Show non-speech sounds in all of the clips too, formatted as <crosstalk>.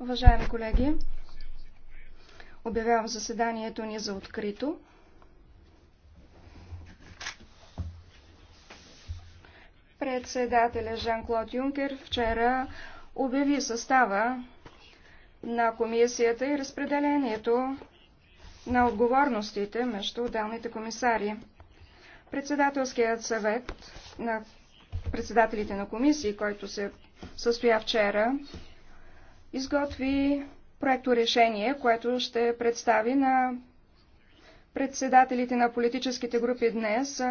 Уважаеми колеги, обявявам заседанието ни за открито. Председателя Жан-Клод Юнкер вчера обяви състава на комисията и разпределението на отговорностите между отделните комисари. Председателският съвет на председателите на комисии, който се състоя вчера, изготви проекто решение, което ще представи на председателите на политическите групи днес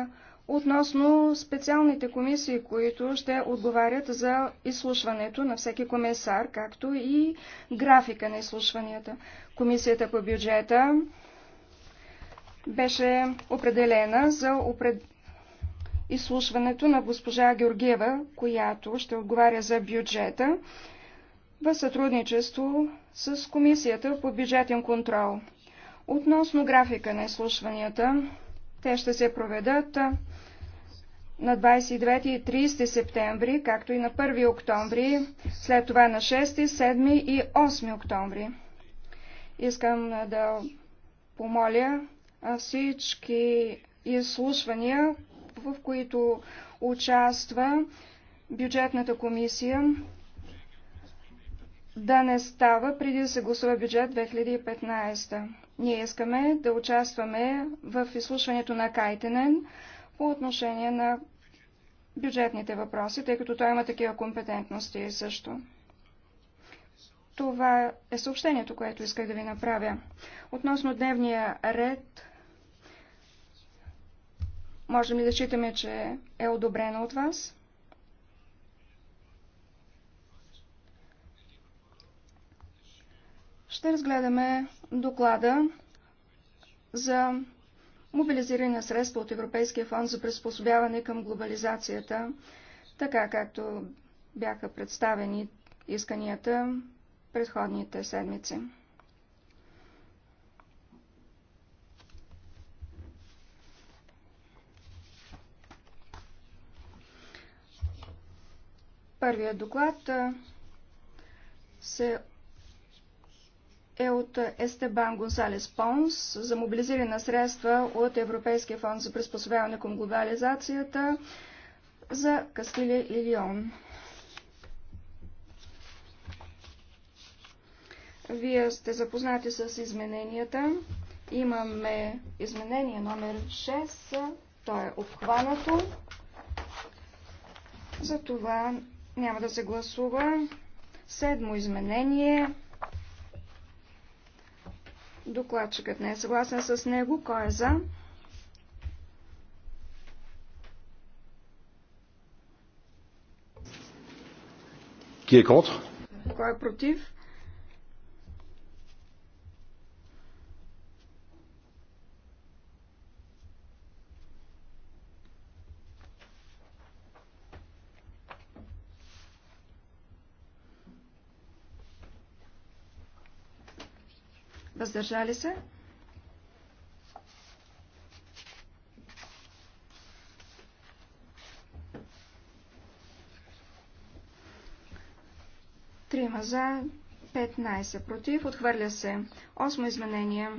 относно специалните комисии, които ще отговарят за изслушването на всеки комисар, както и графика на изслушванията. Комисията по бюджета беше определена за определение изслушването на госпожа Георгиева, която ще отговаря за бюджета в сътрудничество с Комисията по бюджетен контрол. Относно графика на изслушванията, те ще се проведат на 29 и 30 септември, както и на 1 октомври, след това на 6, 7 и 8 октомври. Искам да помоля всички изслушвания, в които участва бюджетната комисия, да не става преди да се гласува бюджет 2015. Ние искаме да участваме в изслушването на Кайтенен по отношение на бюджетните въпроси, тъй като той има такива компетентности също. Това е съобщението, което исках да ви направя. Относно дневния ред, Можем ли да считаме, че е одобрено от вас? Ще разгледаме доклада за мобилизиране на средства от Европейския фонд за приспособяване към глобализацията, така както бяха представени исканията предходните седмици. Първия доклад се е от Естебан Гонсалес Понс за мобилизиране на средства от Европейския фонд за приспособяване към глобализацията за Кастилия и Лион. Вие сте запознати с измененията. Имаме изменение номер 6. То е обхванато. Затова няма да се гласува. Седмо изменение. Докладчикът не е съгласен с него. Кой е за? Е Кой е против? въздържали се. Трима за, 15 против, отхвърля се. Осмо изменение.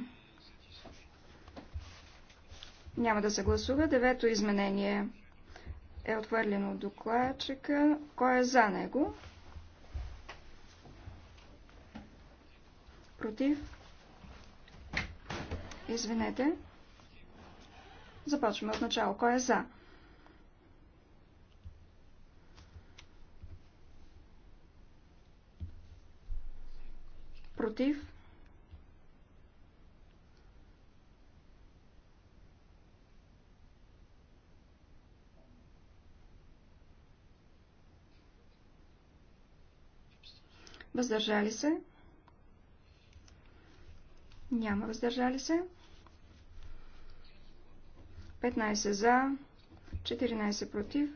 Няма да се гласува. Девето изменение е отхвърлено от докладчика. Кой е за него? Против? Извинете. Започваме от начало. Кой е за? Против? Въздържали се? Няма въздържали се. 15 за, 14 против.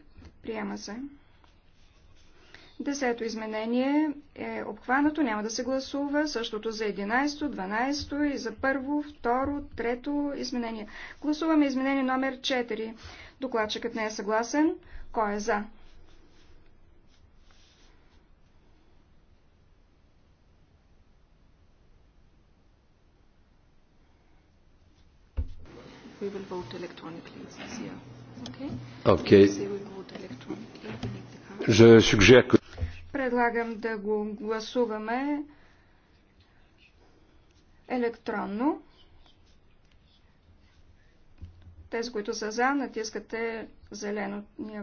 Приема се. Десето изменение е обхванато, няма да се гласува. Същото за 11, 12 и за първо, второ, трето изменение. Гласуваме изменение номер 4. Докладчикът не е съгласен. Кой е за? will vote electronically. this year. Okay? Okay. Je suggère que... Предлагам да го гласуваме електронно. Тези, които са за, натискате зеления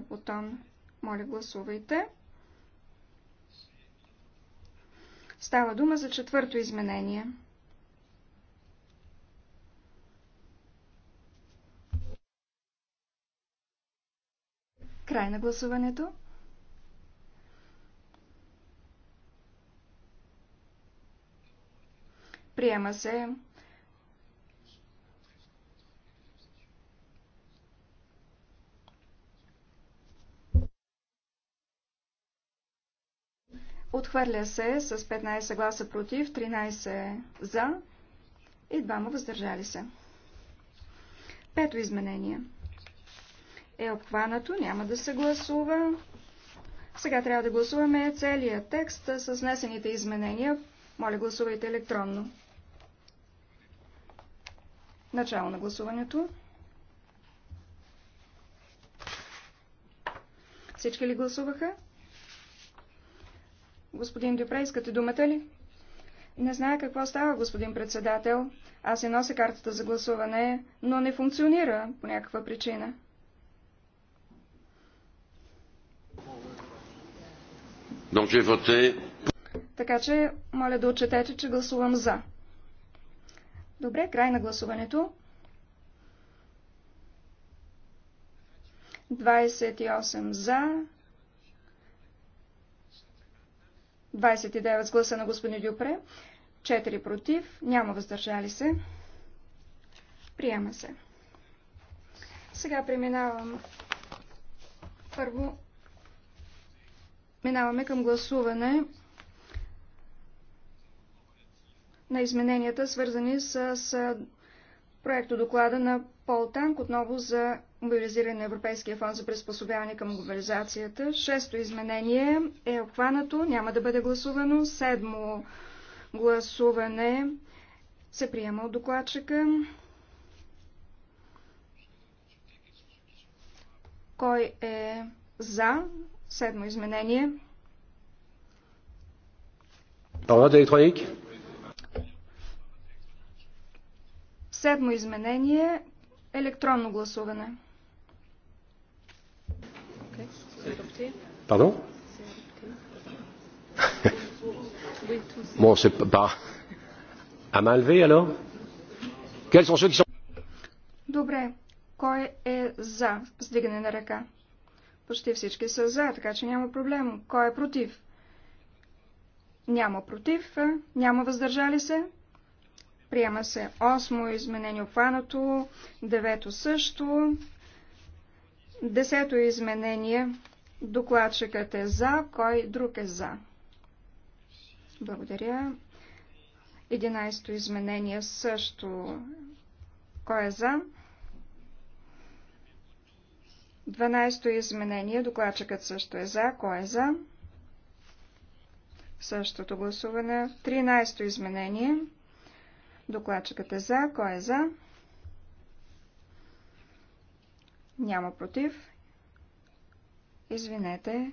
бутон. Моля, гласувайте. Става дума за четвърто изменение. Край на гласуването. Приема се. Отхвърля се с 15 гласа против, 13 за и двама въздържали се. Пето изменение е обхванато, няма да се гласува. Сега трябва да гласуваме целият текст с внесените изменения. Моля, гласувайте електронно. Начало на гласуването. Всички ли гласуваха? Господин Дюпре, искате думата ли? Не зная какво става, господин председател. Аз се нося картата за гласуване, но не функционира по някаква причина. Donc j'ai voté. Така че, моля да отчетете, че гласувам за. Добре, край на гласуването. 28 за. 29 с гласа на господин Дюпре. 4 против. Няма въздържали се. Приема се. Сега преминавам първо Минаваме към гласуване на измененията, свързани с проекто доклада на Пол Танк отново за мобилизиране на Европейския фонд за приспособяване към мобилизацията. Шесто изменение е обхванато, няма да бъде гласувано. Седмо гласуване се приема от докладчика. Кой е за Седмо изменение. електроник. Седмо изменение. Електронно гласуване. Pardon Bon, c'est pas. À main levée alors Quels sont ceux qui sont. Добре. Кой е за сдигане на ръка? Почти всички са за, така че няма проблем. Кой е против? Няма против, няма въздържали се. Приема се 8 изменение обхванато, 9 също, 10 изменение, докладчикът е за, кой друг е за. Благодаря. 11 изменение също, кой е за, 12-то изменение. Докладчикът също е за. Кой е за? Същото гласуване. 13-то изменение. Докладчикът е за. Кой е за? Няма против. Извинете.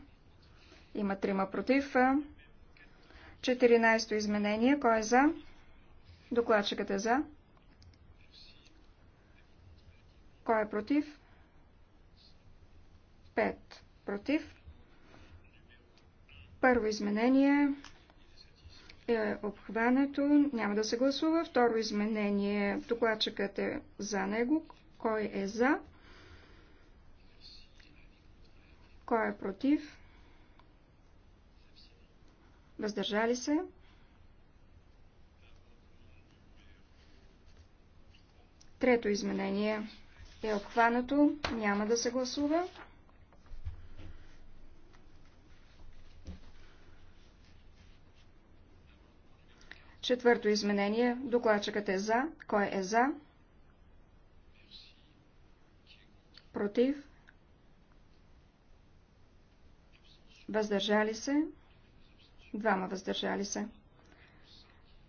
Има трима против. 14-то изменение. Кой е за? Докладчикът е за. Кой е против? 5. Против. Първо изменение е обхванато. Няма да се гласува. Второ изменение. Докладчикът е за него. Кой е за? Кой е против? Въздържали се? Трето изменение е обхванато, няма да се гласува. Четвърто изменение. Докладчикът е за. Кой е за? Против? Въздържали се? Двама въздържали се.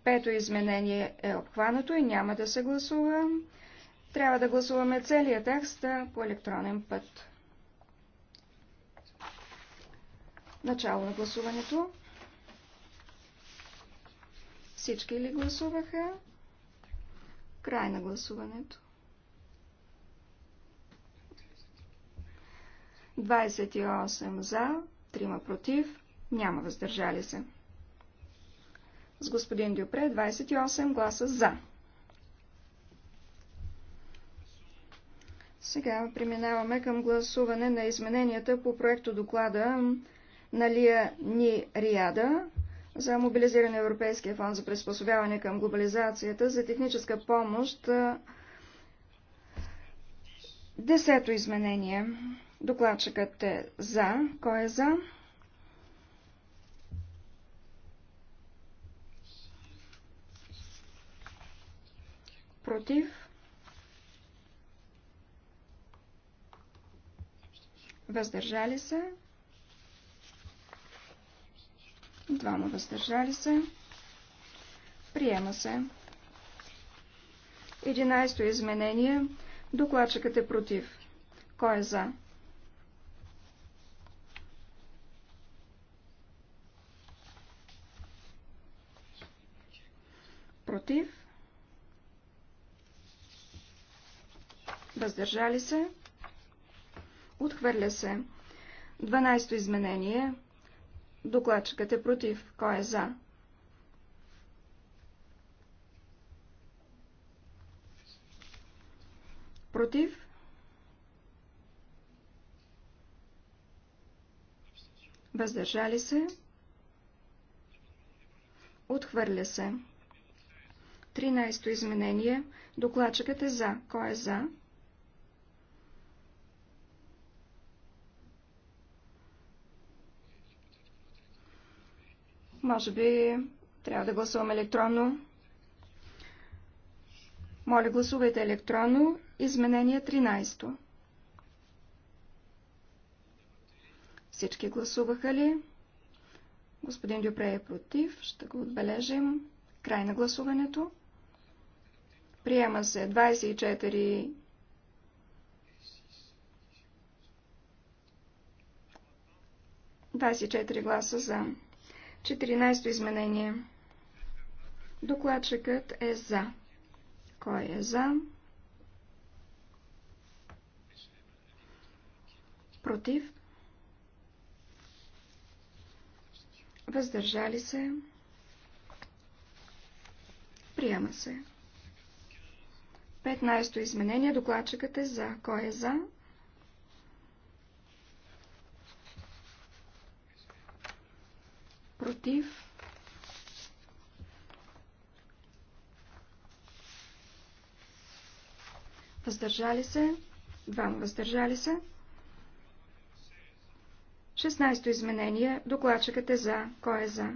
Пето изменение е обхванато и няма да се гласува. Трябва да гласуваме целият текст по електронен път. Начало на гласуването. Всички ли гласуваха? Край на гласуването. 28 за, 3 против, няма въздържали се. С господин Дюпре 28 гласа за. Сега преминаваме към гласуване на измененията по проекто доклада на Лия Ни Риада за мобилизиране на Европейския фонд за приспособяване към глобализацията за техническа помощ. Десето изменение. Докладчикът е за. Кой е за? Против. Въздържали се. 2 въздържали се. Приема се. 11 то изменение. Докладчикът е против. Кой е за? Против. Въздържали се. Отхвърля се. 12 изменение. Докладчикът е против. Кой е за? Против? Въздържали се? Отхвърля се. 13 изменение. Докладчикът е за. Кой е за? Може би трябва да гласуваме електронно. Моля, гласувайте електронно. Изменение 13. Всички гласуваха ли? Господин Дюпре е против. Ще го отбележим. Край на гласуването. Приема се 24 24 гласа за. 14 изменение. Докладчикът е за. Кой е за? Против? Въздържали се? Приема се. 15 изменение. Докладчикът е за. Кой е за? против, въздържали се, двама въздържали се. 16-то изменение. Докладчикът е за. Кой е за?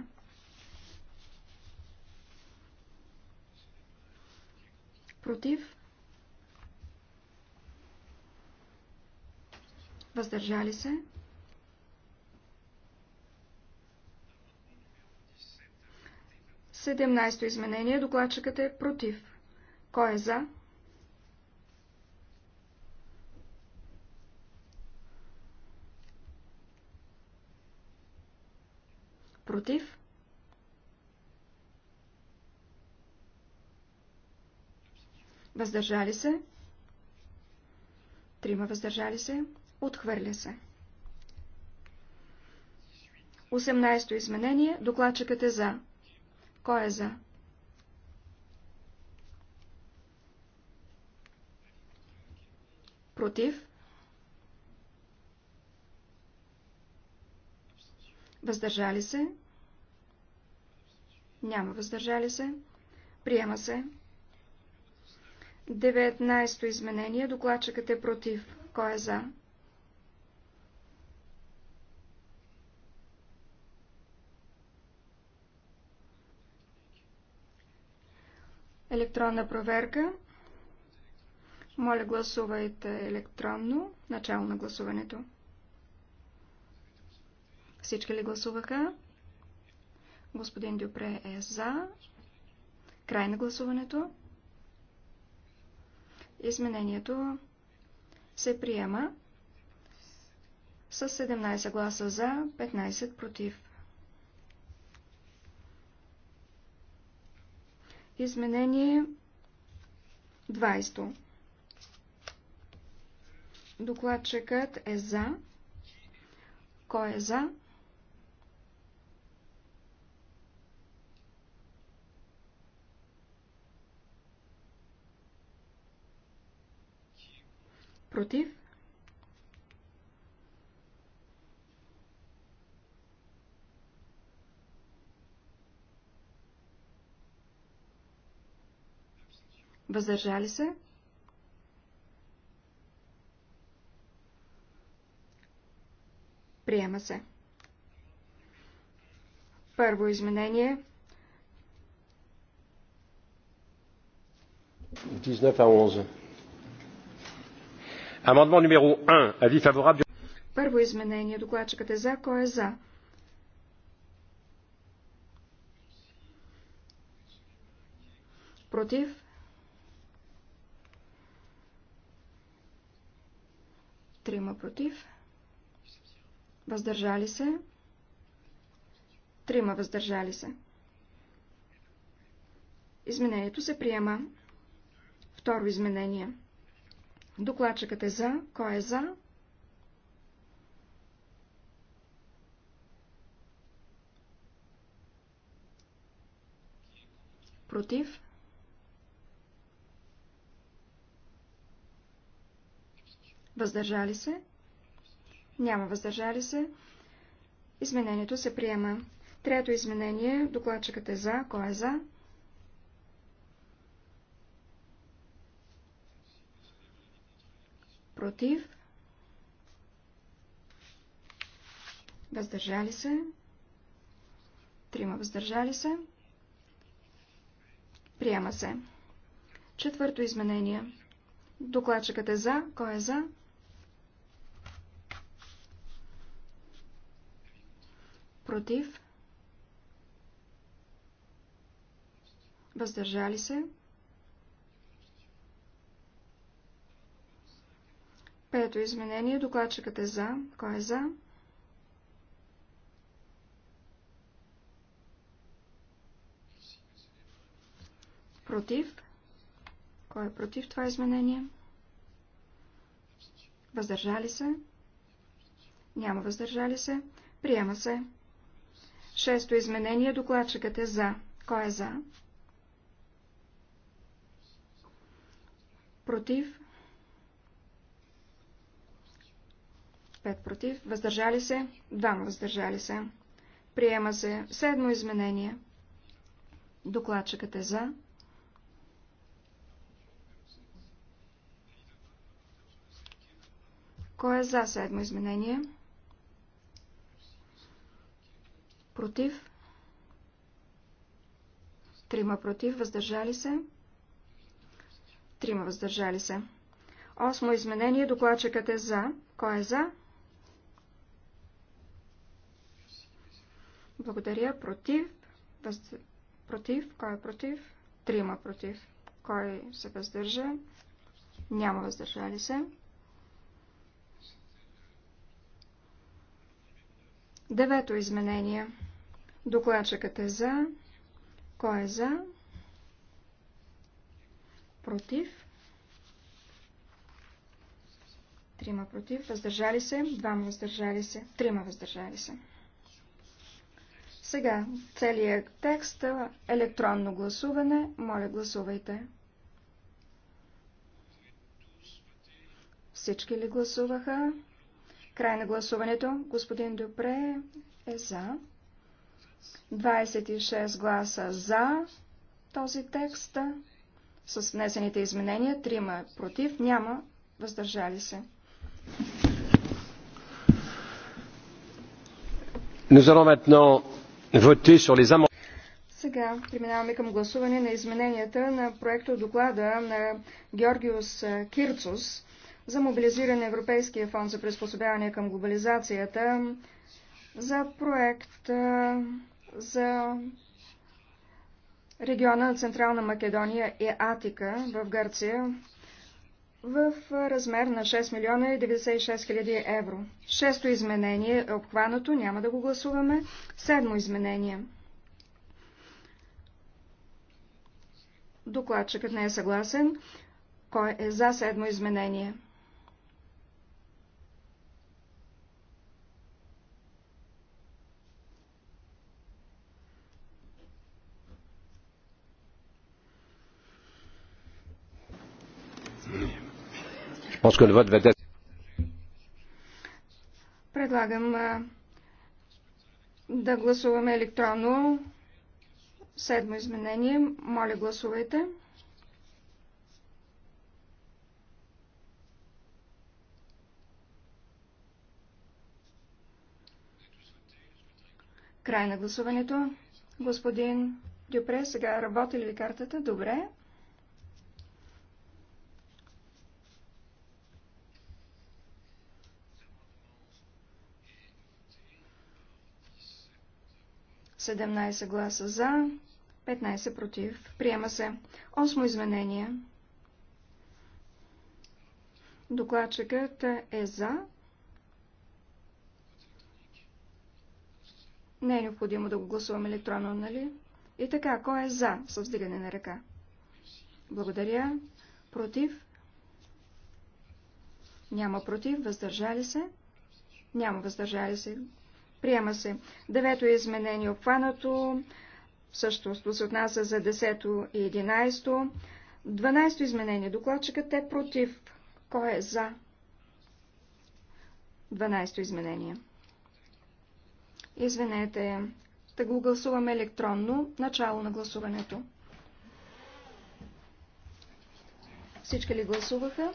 Против? Въздържали се? 17-то изменение. Докладчикът е против. Кой е за? Против? Въздържали се? Трима въздържали се? Отхвърля се. 18-то изменение. Докладчикът е за. Кой е за? Против? Въздържали се? Няма въздържали се. Приема се. 19 то изменение. Докладчикът е против. Кой е за? електронна проверка. Моля, гласувайте електронно. Начало на гласуването. Всички ли гласуваха? Господин Дюпре е за. Край на гласуването. Изменението се приема с 17 гласа за, 15 против. Изменение 20. Докладчикът е за. Кой е за? Против? Въздържали се? Приема се. Първо изменение. 19 à 11. Amendement numéro 1. Avis favorable. Първо изменение. Докладчикът е за. Кой е за? Против? Трима против. Въздържали се. Трима въздържали се. Изменението се приема. Второ изменение. Докладчикът е за. Кой е за? Против. Въздържали се? Няма въздържали се. Изменението се приема. Трето изменение. Докладчикът е за. Кой е за? Против. Въздържали се. Трима въздържали се. Приема се. Четвърто изменение. Докладчикът е за. Кой е за? против, въздържали се. 5 изменение. Докладчикът е за. Кой е за? Против. Кой е против това изменение? Въздържали се? Няма въздържали се. Приема се. Шесто изменение. Докладчикът е за. Кой е за? Против. Пет против. Въздържали се. Двама въздържали се. Приема се. Седмо изменение. Докладчикът е за. Кой е за седмо изменение? против, трима против, въздържали се, трима въздържали се. Осмо изменение, докладчикът е за. Кой е за? Благодаря. Против. Въз... Против. Кой е против? Трима против. Кой се въздържа? Няма въздържали се. Девето изменение. Докладчикът е за. Кой е за? Против. Трима против. Въздържали се. Двама въздържали се. Трима въздържали се. Сега целият текст е електронно гласуване. Моля, гласувайте. Всички ли гласуваха? Край на гласуването. Господин Добре е за. 26 гласа за този текст с внесените изменения, Трима против, няма въздържали се. Nous allons maintenant voter sur les Сега преминаваме към гласуване на измененията на проекта доклада на Георгиус Кирцус за мобилизиране на Европейския фонд за приспособяване към глобализацията за проект за региона на Централна Македония и Атика в Гърция в размер на 6 милиона и 96 хиляди евро. Шесто изменение е обхванато, няма да го гласуваме. Седмо изменение. Докладчикът не е съгласен. Кой е за седмо изменение? pense que le vote va être... Предлагам да гласуваме електронно седмо изменение. Моля, гласувайте. Край на гласуването. Господин Дюпре, сега работи ли картата? Добре. 17 гласа за, 15 против. Приема се. Осмо изменение. Докладчикът е за. Не е необходимо да го гласуваме електронно, нали? И така, кой е за с вдигане на ръка? Благодаря. Против? Няма против. Въздържали се? Няма въздържали се. Приема се. Девето е изменение обхванато. Също се отнася за 10 и 11. 12 изменение. Докладчикът е против. Кой е за? 12 изменение. Извинете, да го гласуваме електронно. Начало на гласуването. Всички ли гласуваха?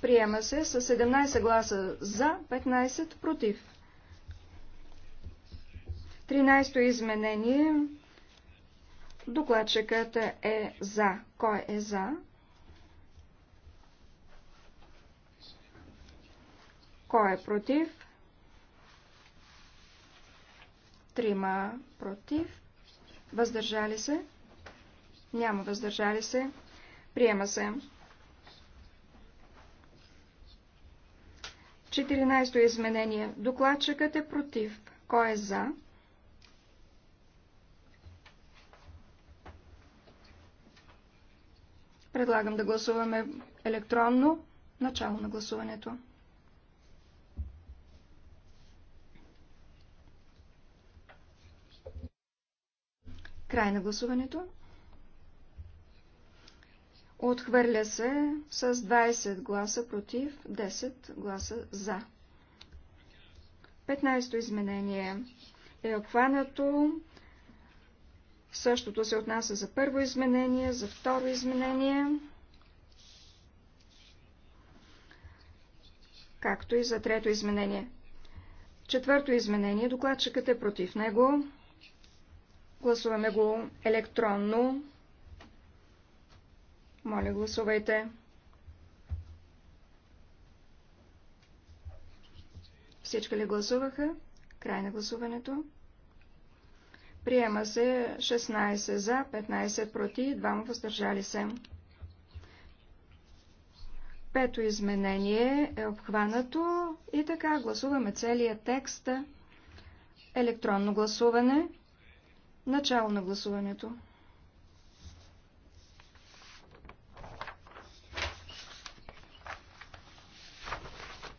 Приема се с 17 гласа за, 15 против. 13-то изменение. Докладчикът е за. Кой е за? Кой е против? Трима против. Въздържали се? Няма въздържали се. Приема се. 14-то изменение. Докладчикът е против. Кой е за? Предлагам да гласуваме електронно. Начало на гласуването. Край на гласуването. Отхвърля се с 20 гласа против, 10 гласа за. 15-то изменение е обхванато. Същото се отнася за първо изменение, за второ изменение, както и за трето изменение. Четвърто изменение, докладчикът е против него. Гласуваме го електронно. Моля, гласувайте. Всички ли гласуваха? Край на гласуването. Приема се 16 за, 15 против, 2 въздържали се. Пето изменение е обхванато и така гласуваме целият текст. Електронно гласуване. Начало на гласуването.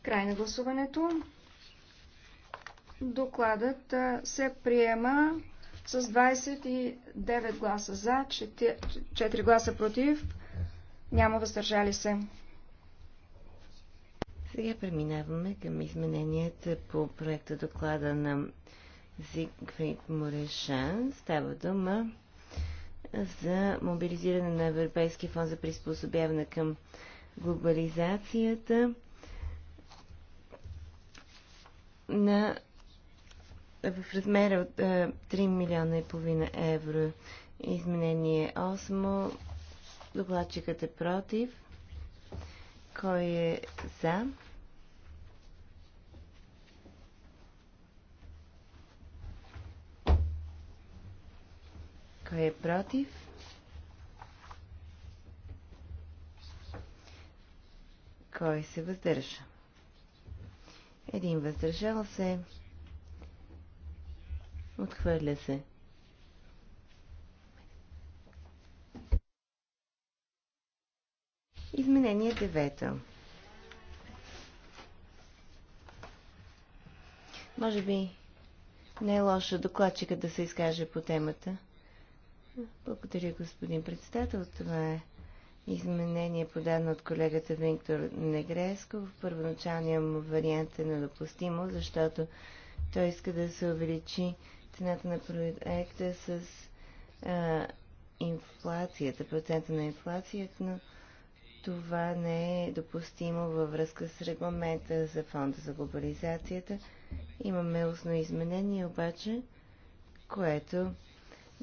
Край на гласуването. Докладът се приема с 29 гласа за, 4, 4 гласа против, няма въздържали се. Сега преминаваме към измененията по проекта доклада на Зигфрид Морешан. Става дума за мобилизиране на Европейския фонд за приспособяване към глобализацията на, в размера от 3 е, милиона и половина евро. Изменение 8. Докладчикът е против. Кой е за? Кой е против? Кой се въздържа? един въздържал се, отхвърля се. Изменение 9. Може би не е лошо докладчика да се изкаже по темата. Благодаря, господин председател. Това е изменение, подадено от колегата Виктор Негреско. В първоначалния му вариант е недопустимо, защото той иска да се увеличи цената на проекта с а, инфлацията, процента на инфлацията, но това не е допустимо във връзка с регламента за фонда за глобализацията. Имаме устно изменение обаче, което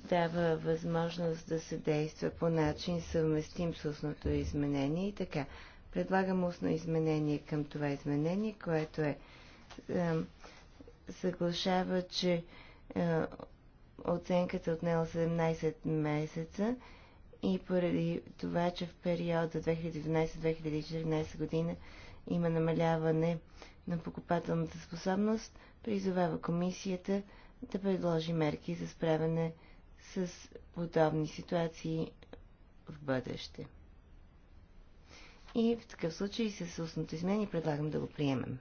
дава възможност да се действа по начин съвместим с устното изменение и така. Предлагам устно изменение към това изменение, което е, е съглашава, че е, оценката отнела 17 месеца и поради това, че в периода 2012-2014 година има намаляване на покупателната способност, призовава комисията да предложи мерки за справяне с с подобни ситуации в бъдеще. И в такъв случай с устното изменение предлагам да го приемем.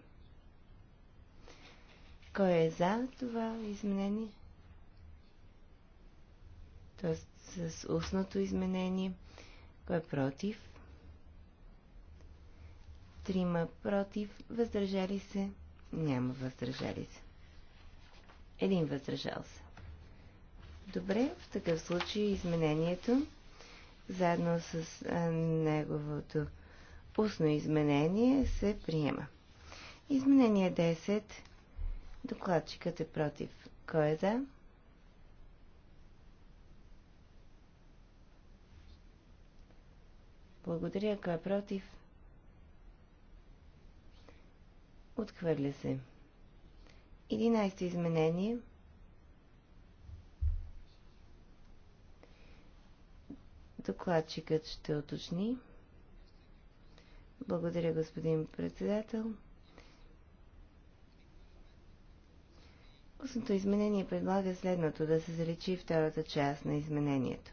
Кой е за това изменение? Тоест с устното изменение. Кой е против? Трима против, въздържали се, няма въздържали се. Един въздържал се. Добре, в такъв случай изменението, заедно с неговото устно изменение, се приема. Изменение 10. Докладчикът е против. Кой е за? Благодаря. Кой е против? Отхвърля се. 11 изменение. Докладчикът ще уточни. Благодаря, господин председател. Устното изменение предлага следното да се заличи втората част на изменението.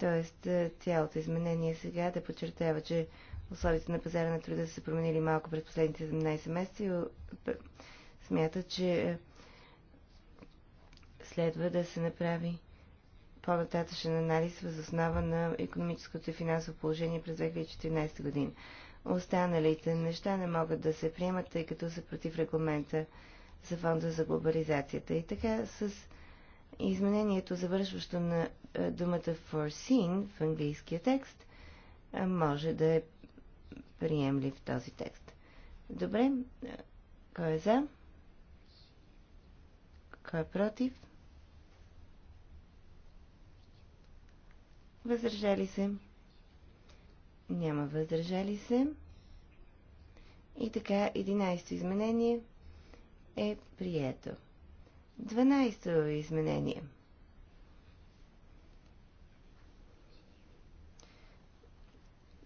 Тоест, е, цялото изменение сега да подчертава, че условията на пазара на труда са променили малко през последните 17 месеца и е, смята, че е, следва да се направи по-нататъчен анализ въз основа на економическото и финансово положение през 2014 година. Останалите неща не могат да се приемат, тъй като са против регламента за фонда за глобализацията. И така с изменението, завършващо на е, думата foreseen в английския текст, е, може да е приемлив този текст. Добре, е, кой е за? Кой е против? Въздържали се? Няма въздържали се. И така, 11-то изменение е прието. 12-то изменение.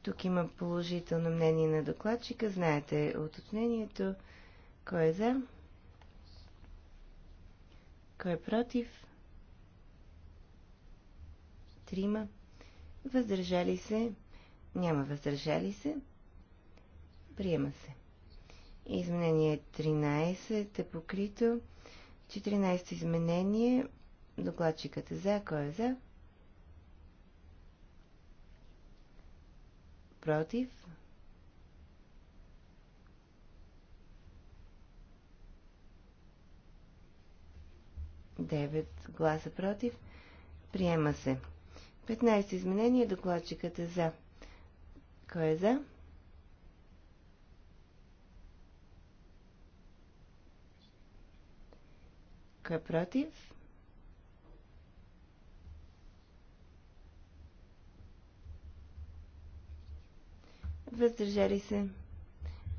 Тук има положително мнение на докладчика. Знаете уточнението. Кой е за? Кой е против? Трима. Въздържали се? Няма въздържали се? Приема се. Изменение 13 е покрито. 14 изменение. Докладчикът е за. Кой е за? Против? Девет гласа против. Приема се. 15 изменение. Докладчикът е за. Кой е за? Кой е против? Въздържали се.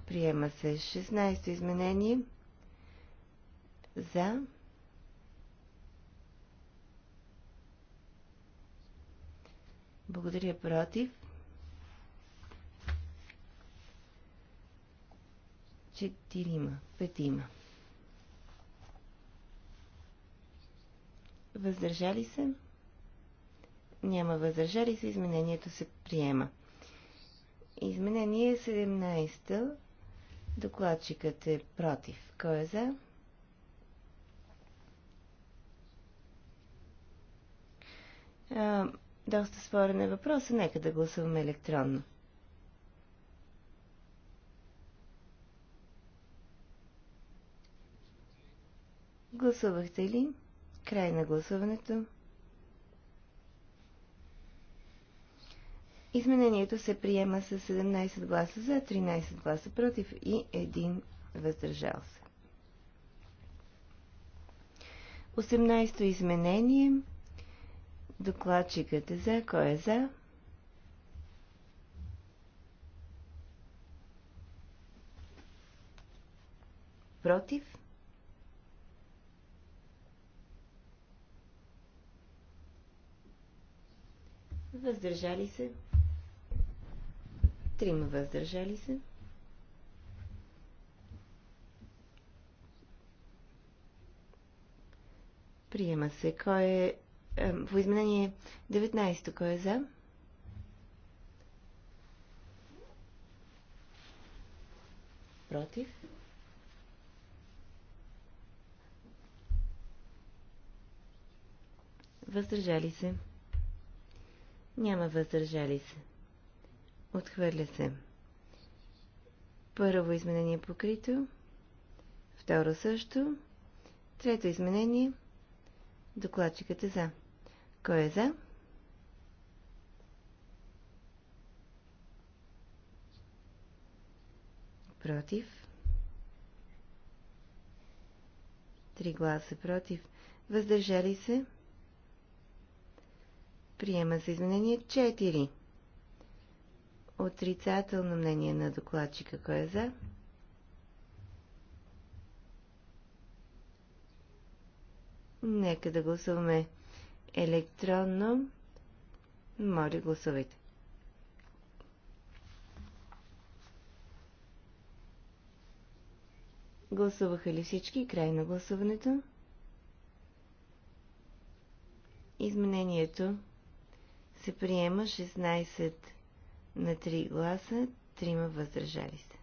Приема се 16 изменение. За. Благодаря против. 4, 5. Въздържали се? Няма въздържали се, изменението се приема. Изменение 17. Докладчикът е против. Кой е за? А, доста спорен е въпросът. Нека да гласуваме електронно. Гласувахте ли? Край на гласуването. Изменението се приема с 17 гласа за, 13 гласа против и 1 въздържал се. 18 изменение Докладчикът е за. Кой е за? Против? Въздържали се? Трима въздържали се? Приема се. Кой е е, по изменение 19, кой е за? Против? Въздържали се. Няма въздържали се. Отхвърля се. Първо изменение покрито. Второ също. Трето изменение. Докладчикът е за. Кой е за? Против. Три гласа против. Въздържали се. Приема се изменение 4. Отрицателно мнение на докладчика. Кой е за? Нека да гласуваме електронно. Моля, гласувайте. Гласуваха ли всички? Край на гласуването. Изменението се приема 16 на 3 гласа, 3 въздържали се.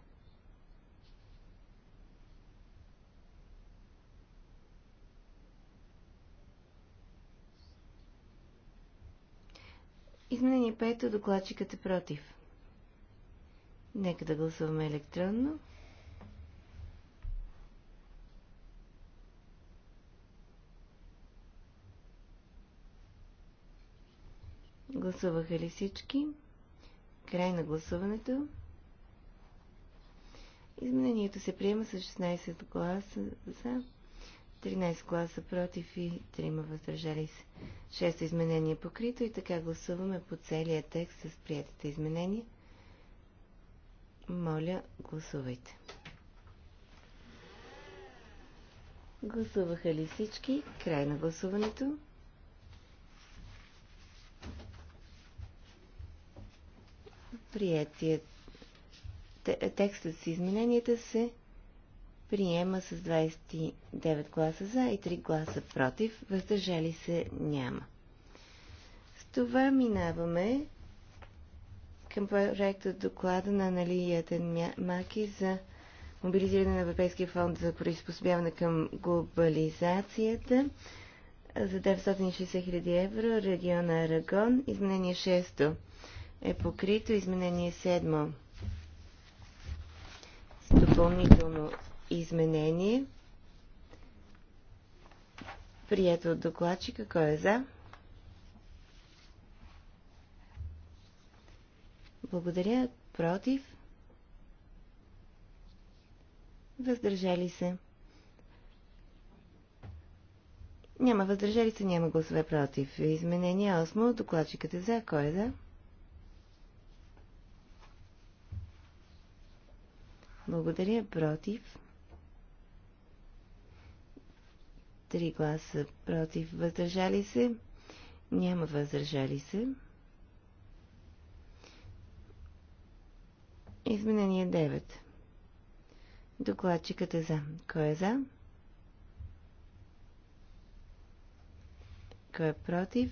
Изменение 5. Докладчикът е против. Нека да гласуваме електронно. Гласуваха ли всички? Край на гласуването. Изменението се приема с 16 гласа за. 13 гласа против и 3 въздържали се. Шесто изменение е покрито и така гласуваме по целия текст с приятите изменения. Моля, гласувайте. Гласуваха ли всички? Край на гласуването. Приятият текстът с измененията се приема с 29 гласа за и 3 гласа против. Въздържали се няма. С това минаваме към проекта доклада на Аналия Маки за мобилизиране на Европейския фонд за приспособяване към глобализацията за 960 000 евро, региона Арагон. Изменение 6 е покрито, изменение 7 с допълнително изменение. Прието от докладчика. Кой е за? Благодаря. Против? Въздържали се. Няма въздържали се, няма гласове против. Изменение 8. Докладчикът е за. Кой е за? Благодаря. Против. 3 гласа против, въздържали се. Няма въздържали се. Изменение 9. Докладчикът е за. Кой е за? Кой е против?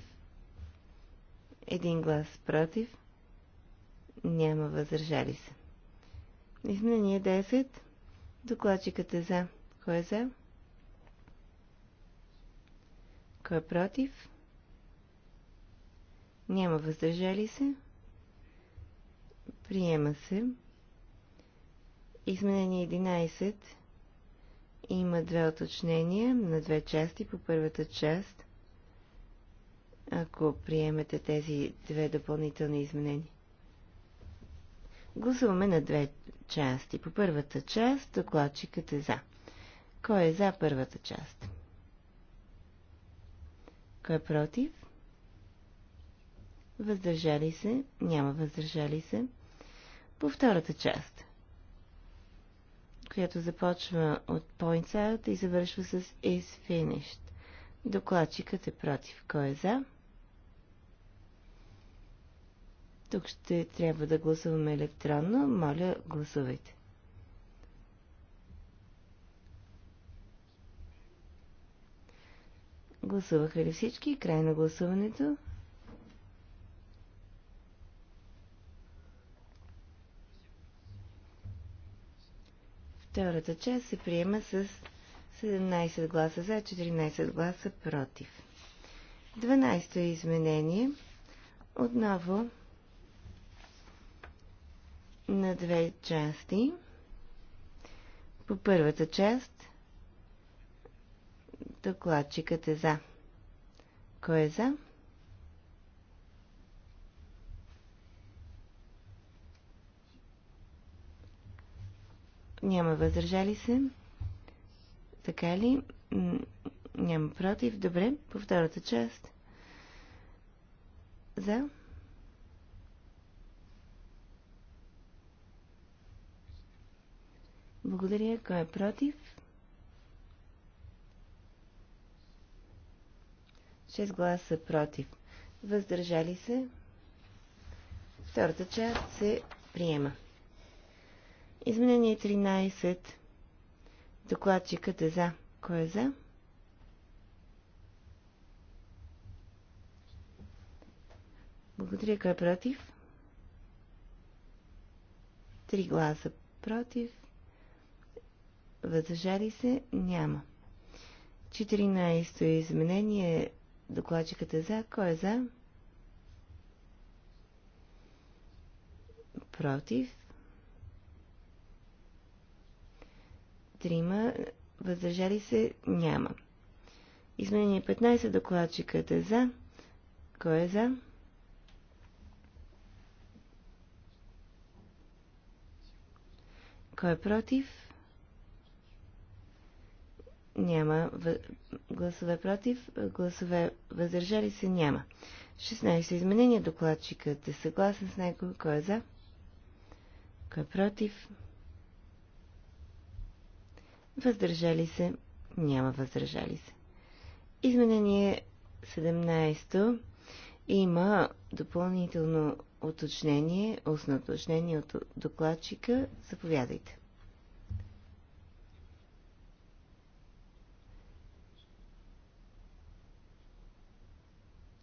Един глас против. Няма въздържали се. Изменение 10. Докладчикът е за. Кой е за? Кой е против? Няма въздържали се. Приема се. Изменение 11. Има две оточнения на две части по първата част. Ако приемете тези две допълнителни изменения. Гласуваме на две части. По първата част докладчикът е за. Кой е за първата част? Кой е против? Въздържали се? Няма въздържали се. По втората част, която започва от Points Out и завършва с Is Finished. Докладчикът е против. Кой е за? Тук ще трябва да гласуваме електронно. Моля, гласувайте. Гласуваха ли всички? Край на гласуването. Втората част се приема с 17 гласа за, 14 гласа против. 12-то е изменение. Отново на две части. По първата част Докладчикът е за. Кой е за? Няма възражали се. Така ли? Няма против. Добре, по втората част. За. Благодаря. Кой е против? 6 гласа против. Въздържали се. Втората част се приема. Изменение 13. Докладчикът е за. Кой е за? Благодаря. Кой е против? Три гласа против. Въздържали се? Няма. 14-то изменение е за. Кой е за? Против. Трима. Въздържали се? Няма. Изменение 15. Докладчикът е за. Кой е за? Кой е против? няма. Гласове против, гласове въздържали се няма. 16 изменения. Докладчикът е съгласен с него. Кой е за? Кой е против? Въздържали се? Няма въздържали се. Изменение 17 има допълнително уточнение, устно уточнение от докладчика. Заповядайте.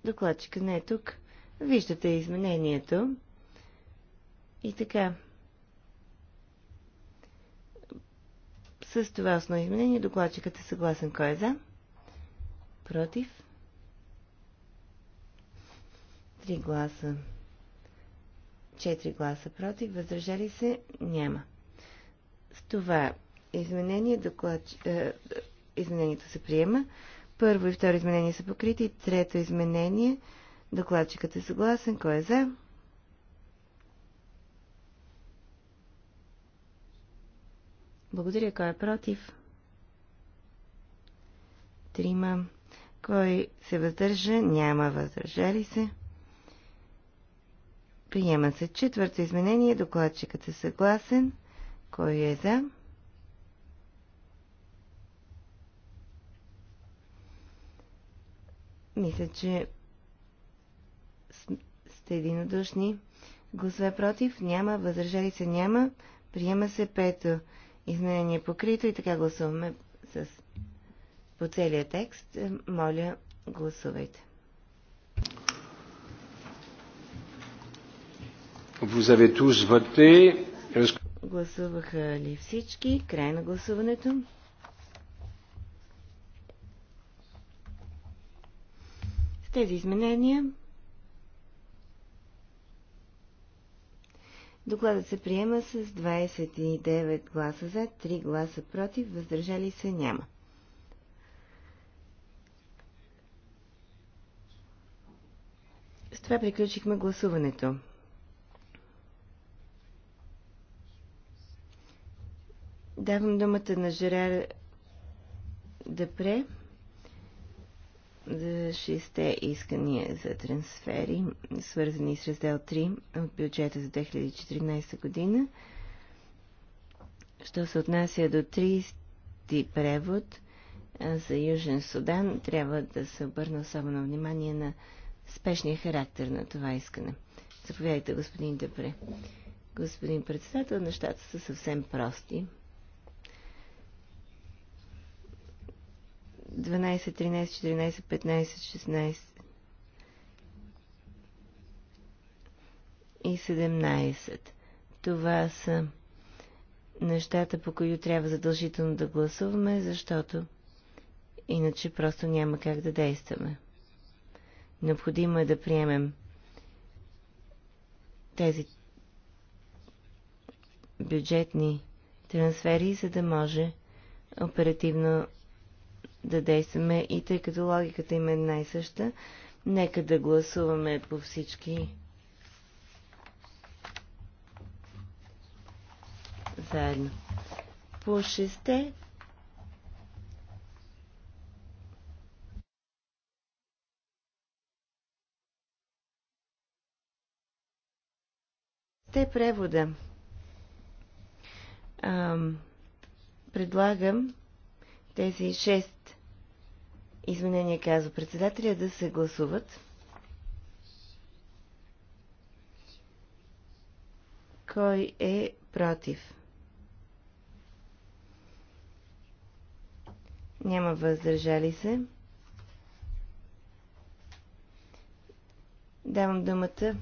Докладчика не е тук. Виждате изменението. И така. С това основно изменение докладчикът е съгласен. Кой е за? Против? Три гласа. Четири гласа против. Въздържали се? Няма. С това изменение доклад... Е, изменението се приема. Първо и второ изменение са покрити. Трето изменение. Докладчикът е съгласен. Кой е за? Благодаря. Кой е против? Трима. Кой се въздържа? Няма въздържали се. Приема се четвърто изменение. Докладчикът е съгласен. Кой е за? Мисля, че сте единодушни. Гласове против няма, възражали се няма, приема се пето изменение покрито и така гласуваме с... по целия текст. Моля, гласувайте. Vous avez tous voté. Гласуваха ли всички? Край на гласуването. тези изменения Докладът се приема с 29 гласа за, 3 гласа против, въздържали се няма. С това приключихме гласуването. Давам думата на Жерар Депре. За шесте искания за трансфери, свързани с раздел 3 от бюджета за 2014 година. Що се отнася до 30 превод за Южен Судан, трябва да се обърна особено внимание на спешния характер на това искане. Заповядайте, господин Депре. Господин председател, нещата са съвсем прости. 12, 13, 14, 15, 16 и 17. Това са нещата, по които трябва задължително да гласуваме, защото иначе просто няма как да действаме. Необходимо е да приемем тези бюджетни трансфери, за да може оперативно да действаме и тъй като логиката им е най съща, нека да гласуваме по всички заедно. По шесте те превода. Ам, предлагам тези шест изменения, казва председателя, да се гласуват. Кой е против? Няма въздържали се. Давам думата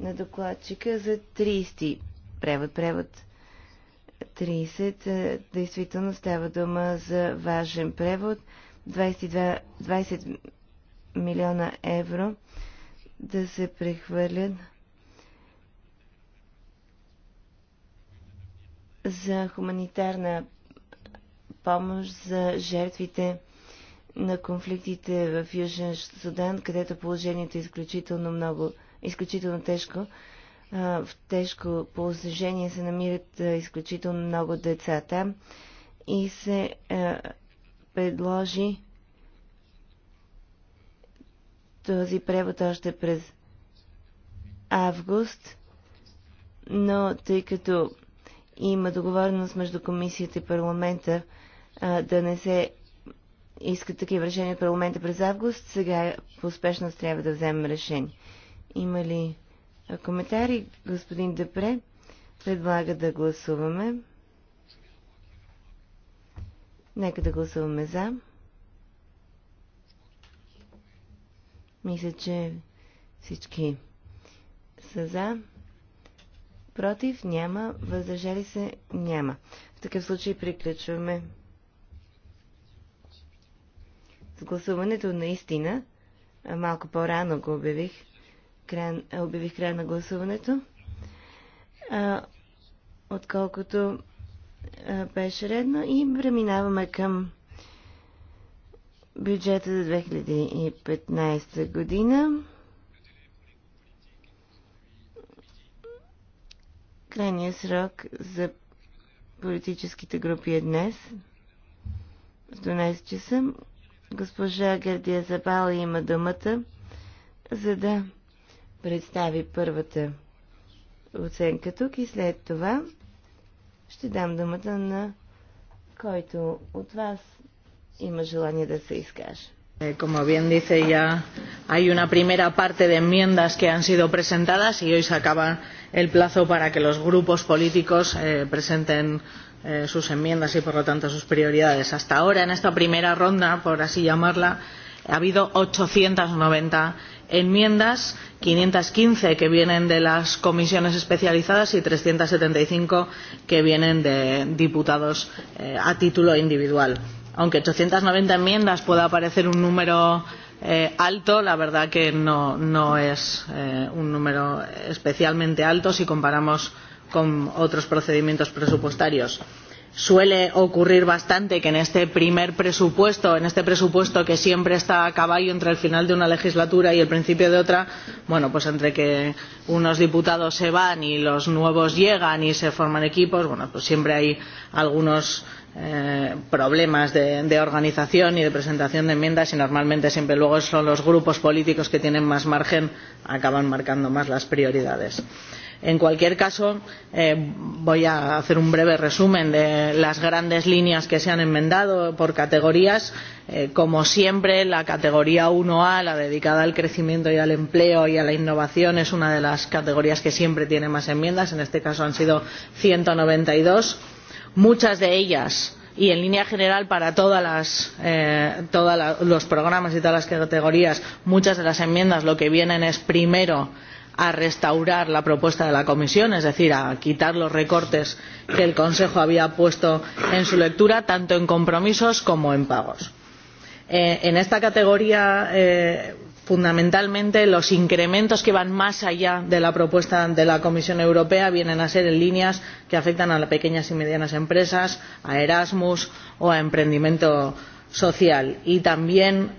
на докладчика за 30. Превод, превод. 30. Е, действително става дума за важен превод. 22, 20 милиона евро да се прехвърлят за хуманитарна помощ за жертвите на конфликтите в Южен Судан, където положението е изключително много, изключително тежко. В тежко положение се намират изключително много деца там и се предложи този превод още през август, но тъй като има договореност между комисията и парламента а, да не се искат такива решения от парламента през август, сега по успешност трябва да вземем решение. Има ли коментари? Господин Депре предлага да гласуваме. Нека да гласуваме за. Мисля, че всички са за. Против няма. Въздържали се няма. В такъв случай приключваме с гласуването наистина. Малко по-рано го обявих. Край, обявих края на гласуването. А, отколкото беше редно и преминаваме към бюджета за 2015 година. Крайният срок за политическите групи е днес в 12 часа. Госпожа Гердия Забала има думата, за да представи първата оценка тук и след това ще дам думата на който от вас има желание да се изкаже. Como bien dice, ya hay una primera parte de enmiendas que han sido presentadas y hoy se acaba el plazo para que los grupos políticos eh, presenten eh, sus enmiendas y, por lo tanto, sus prioridades. Hasta ahora, en esta primera ronda, por así llamarla, ha habido 890 enmiendas, quinientos quince que vienen de las comisiones especializadas y trescientos setenta y cinco que vienen de diputados a título individual. Aunque ochocientos noventa enmiendas pueda parecer un número alto, la verdad que no, no es un número especialmente alto si comparamos con otros procedimientos presupuestarios suele ocurrir bastante que en este primer presupuesto en este presupuesto que siempre está a caballo entre el final de una legislatura y el principio de otra bueno pues entre que unos diputados se van y los nuevos llegan y se forman equipos bueno pues siempre hay algunos problemas de, organización y de presentación de enmiendas y normalmente siempre luego son los grupos políticos que tienen más margen acaban marcando más las prioridades. Eh, en cualquier caso voy a hacer un breve resumen de las grandes líneas que se han enmendado por categorías como siempre la categoría uno a la dedicada al crecimiento y al empleo y a la innovación es una de las categorías que siempre tiene más enmiendas en este caso han sido ciento noventa y dos muchas de ellas y en línea general para todos los programas y todas las categorías muchas de las enmiendas lo que vienen es primero a a restaurar la propuesta de la comisión es decir a quitar los recortes que el consejo había puesto en su lectura tanto en compromisos como en pagos. en esta categoría fundamentalmente los incrementos que van más allá de la propuesta de la comisión europea vienen a ser en líneas que afectan a las pequeñas y medianas empresas a erasmus o a emprendimiento social y también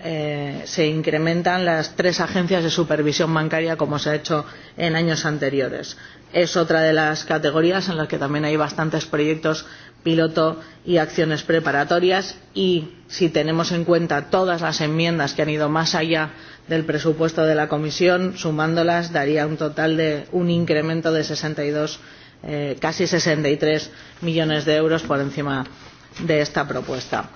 se incrementan las tres agencias de supervisión bancaria como se ha hecho en años anteriores. Es otra de las categorías en las que también hay bastantes proyectos piloto y acciones preparatorias y si tenemos en cuenta todas las enmiendas que han ido más allá del presupuesto de la comisión sumándolas daría un total de un incremento de sesenta y dos casi sesenta y tres millones de euros por encima de esta propuesta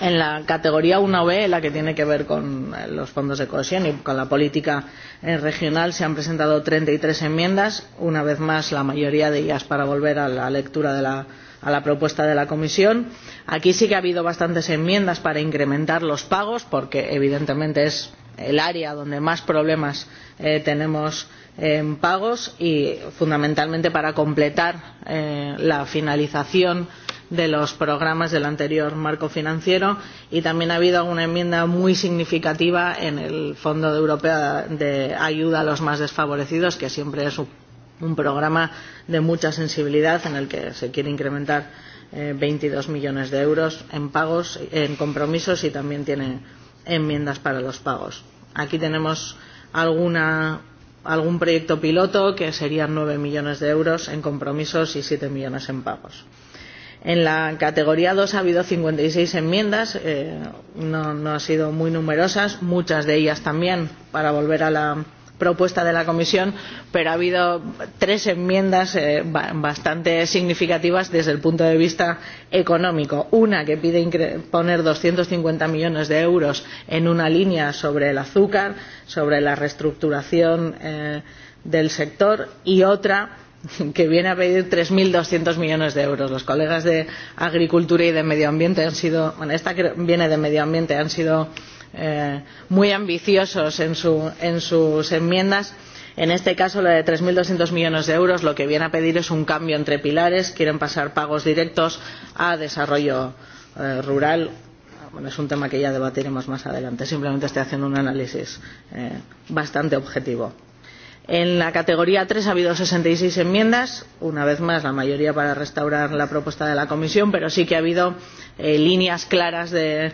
en la categoría 1B, la que tiene que ver con los fondos de cohesión y con la política regional, se han presentado 33 enmiendas, una vez más la mayoría de ellas para volver a la lectura de la, a la propuesta de la Comisión. Aquí sí que ha habido bastantes enmiendas para incrementar los pagos, porque evidentemente es el área donde más problemas eh, tenemos en pagos y fundamentalmente para completar eh, la finalización de los programas del anterior marco financiero y también ha habido una enmienda muy significativa en el Fondo Europeo de Ayuda a los Más Desfavorecidos, que siempre es un programa de mucha sensibilidad en el que se quiere incrementar veintidós 22 millones de euros en pagos, en compromisos y también tiene enmiendas para los pagos. Aquí tenemos alguna algún proyecto piloto que serían 9 millones de euros en compromisos y 7 millones en pagos. En la categoría 2 ha habido 56 enmiendas, eh, no, no han sido muy numerosas, muchas de ellas también para volver a la propuesta de la Comisión, pero ha habido tres enmiendas eh, bastante significativas desde el punto de vista económico. Una que pide poner 250 millones de euros en una línea sobre el azúcar, sobre la reestructuración eh, del sector y otra que viene a pedir tres doscientos millones de euros. Los colegas de Agricultura y de Medio Ambiente han sido, bueno, esta viene de Medio Ambiente, han sido eh, muy ambiciosos en, su, en sus enmiendas. En este caso, la de tres doscientos millones de euros lo que viene a pedir es un cambio entre pilares. Quieren pasar pagos directos a desarrollo eh, rural. Bueno, es un tema que ya debatiremos más adelante. Simplemente estoy haciendo un análisis eh, bastante objetivo. En la categoría tres ha habido sesenta y seis enmiendas, una vez más la mayoría para restaurar la propuesta de la Comisión, pero sí que ha habido líneas claras de,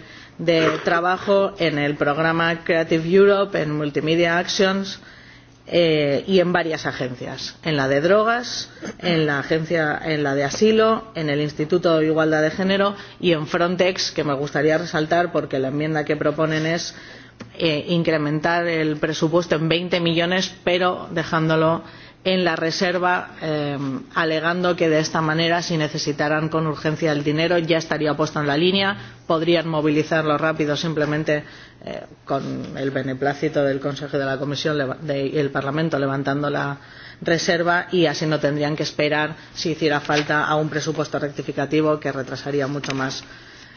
trabajo en el programa Creative Europe, en Multimedia Actions y en varias agencias, en la de drogas, en la, agencia, en la de asilo, en el Instituto de Igualdad de Género y en Frontex, que me gustaría resaltar porque la enmienda que proponen es incrementar el presupuesto en veinte millones pero dejándolo en la reserva alegando que de esta manera si necesitaran con urgencia el dinero ya estaría puesto en la línea podrían movilizarlo rápido simplemente con el beneplácito del consejo y de la comisión y el parlamento levantando la reserva y así no tendrían que esperar si hiciera falta a un presupuesto rectificativo que retrasaría mucho más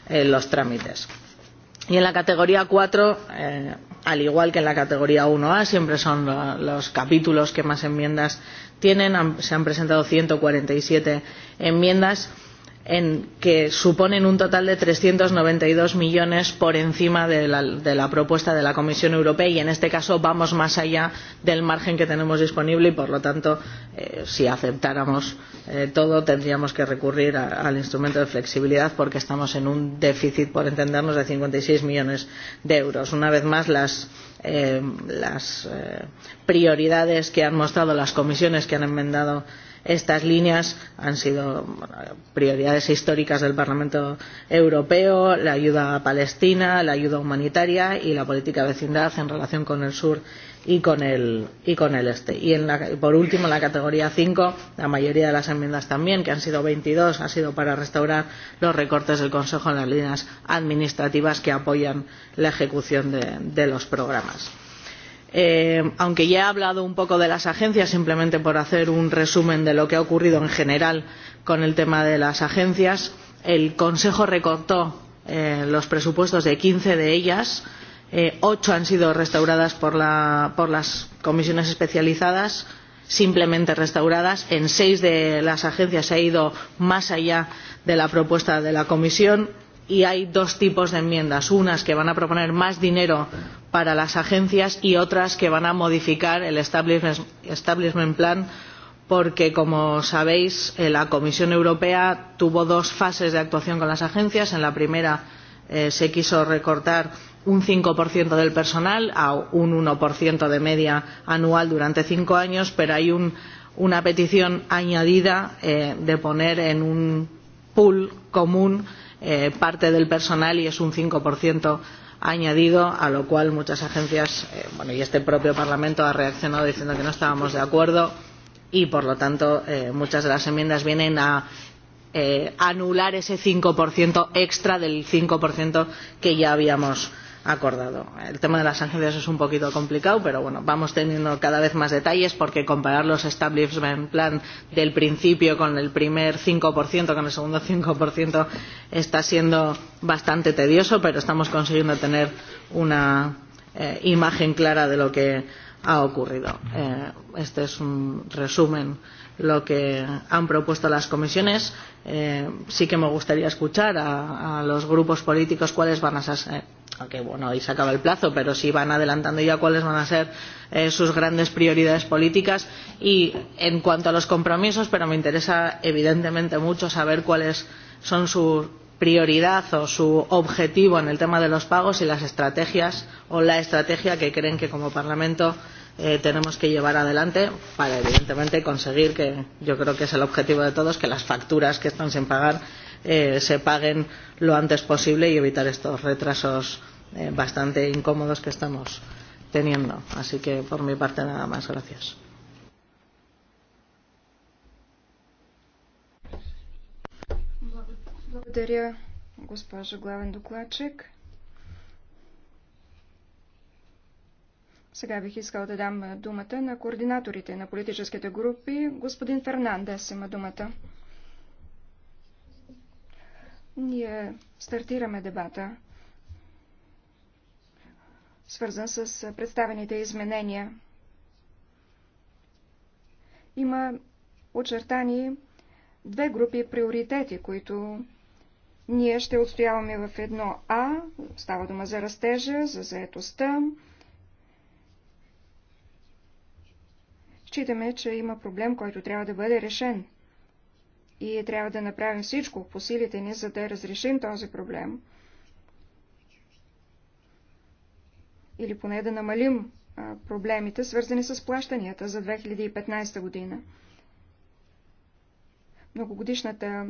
los trámites y en la categoría cuatro al igual que en la categoría uno a siempre son los capítulos que más enmiendas tienen se han presentado ciento cuarenta y siete enmiendas y que suponen un total de trescientos noventa y dos millones por encima de la, propuesta de la Comisión Europea y en este caso vamos más allá del margen que tenemos disponible y por lo tanto si aceptáramos todo tendríamos que recurrir al instrumento de flexibilidad porque estamos en un déficit por entendernos de cincuenta y seis millones de euros. Una vez más las las prioridades que han mostrado las comisiones que han enmendado Estas líneas han sido prioridades históricas del Parlamento Europeo, la ayuda a Palestina, la ayuda humanitaria y la política de vecindad en relación con el sur y con el, y con el este. Y en la, por último, en la categoría 5, la mayoría de las enmiendas también, que han sido 22, han sido para restaurar los recortes del Consejo en las líneas administrativas que apoyan la ejecución de, de los programas aunque ya he hablado un poco de las agencias, simplemente por hacer un resumen de lo que ha ocurrido en general con el tema de las agencias, el Consejo recortó los presupuestos de quince de ellas, ocho han sido restauradas por, las comisiones especializadas, simplemente restauradas. En seis de las agencias se ha ido más allá de la propuesta de la Comisión y hay dos tipos de enmiendas unas que van a proponer más dinero para las agencias y otras que van a modificar el establishment plan porque como sabéis la comisión europea tuvo dos fases de actuación con las agencias en la primera se quiso recortar un cinco del personal a un uno de media anual durante cinco años pero hay una petición añadida de poner en un pool común a parte del personal y es un cinco añadido, a lo cual muchas agencias y este propio Parlamento ha reaccionado diciendo que no estábamos de acuerdo y, por lo tanto, muchas de las enmiendas vienen a anular ese cinco extra del cinco que ya habíamos acordado. El tema de las sanciones es un poquito complicado, pero bueno, vamos teniendo cada vez más detalles porque comparar los establishment plan del principio con el primer 5%, con el segundo 5%, está siendo bastante tedioso, pero estamos consiguiendo tener una eh, imagen clara de lo que ha ocurrido. Eh, este es un resumen lo que han propuesto las comisiones. Eh, sí que me gustaría escuchar a, a los grupos políticos cuáles van a ser, aunque bueno, ahí se acaba el plazo, pero sí van adelantando ya cuáles van a ser eh, sus grandes prioridades políticas. Y en cuanto a los compromisos, pero me interesa evidentemente mucho saber cuáles son su prioridad o su objetivo en el tema de los pagos y las estrategias o la estrategia que creen que como Parlamento eh, tenemos que llevar adelante para evidentemente conseguir que yo creo que es el objetivo de todos que las facturas que están sin pagar Eh, se paguen lo antes posible y evitar estos retrasos eh, bastante incómodos que estamos teniendo. Así que por mi parte nada más. Gracias. Благодаря, госпожо главен докладчик. Сега бих искал да дам думата на координаторите на политическите групи. Господин Фернандес има думата. Ние стартираме дебата, свързан с представените изменения. Има очертани две групи приоритети, които ние ще отстояваме в едно А, става дума за растежа, за заетостта. Считаме, че има проблем, който трябва да бъде решен – и трябва да направим всичко по силите ни, за да разрешим този проблем. Или поне да намалим проблемите, свързани с плащанията за 2015 година. Многогодишната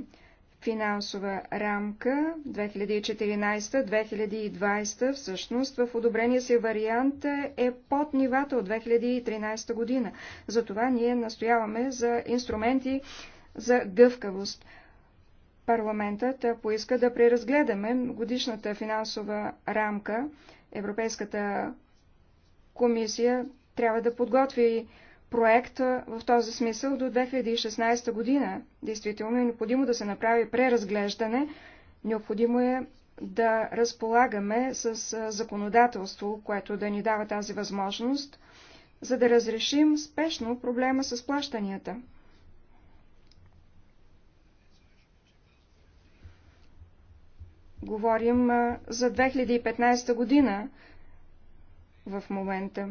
финансова рамка 2014-2020 всъщност в одобрения си вариант е под нивата от 2013 година. Затова ние настояваме за инструменти за гъвкавост. Парламентът поиска да преразгледаме годишната финансова рамка. Европейската комисия трябва да подготви проект в този смисъл до 2016 година. Действително е необходимо да се направи преразглеждане. Необходимо е да разполагаме с законодателство, което да ни дава тази възможност, за да разрешим спешно проблема с плащанията. Говорим за 2015 година в момента.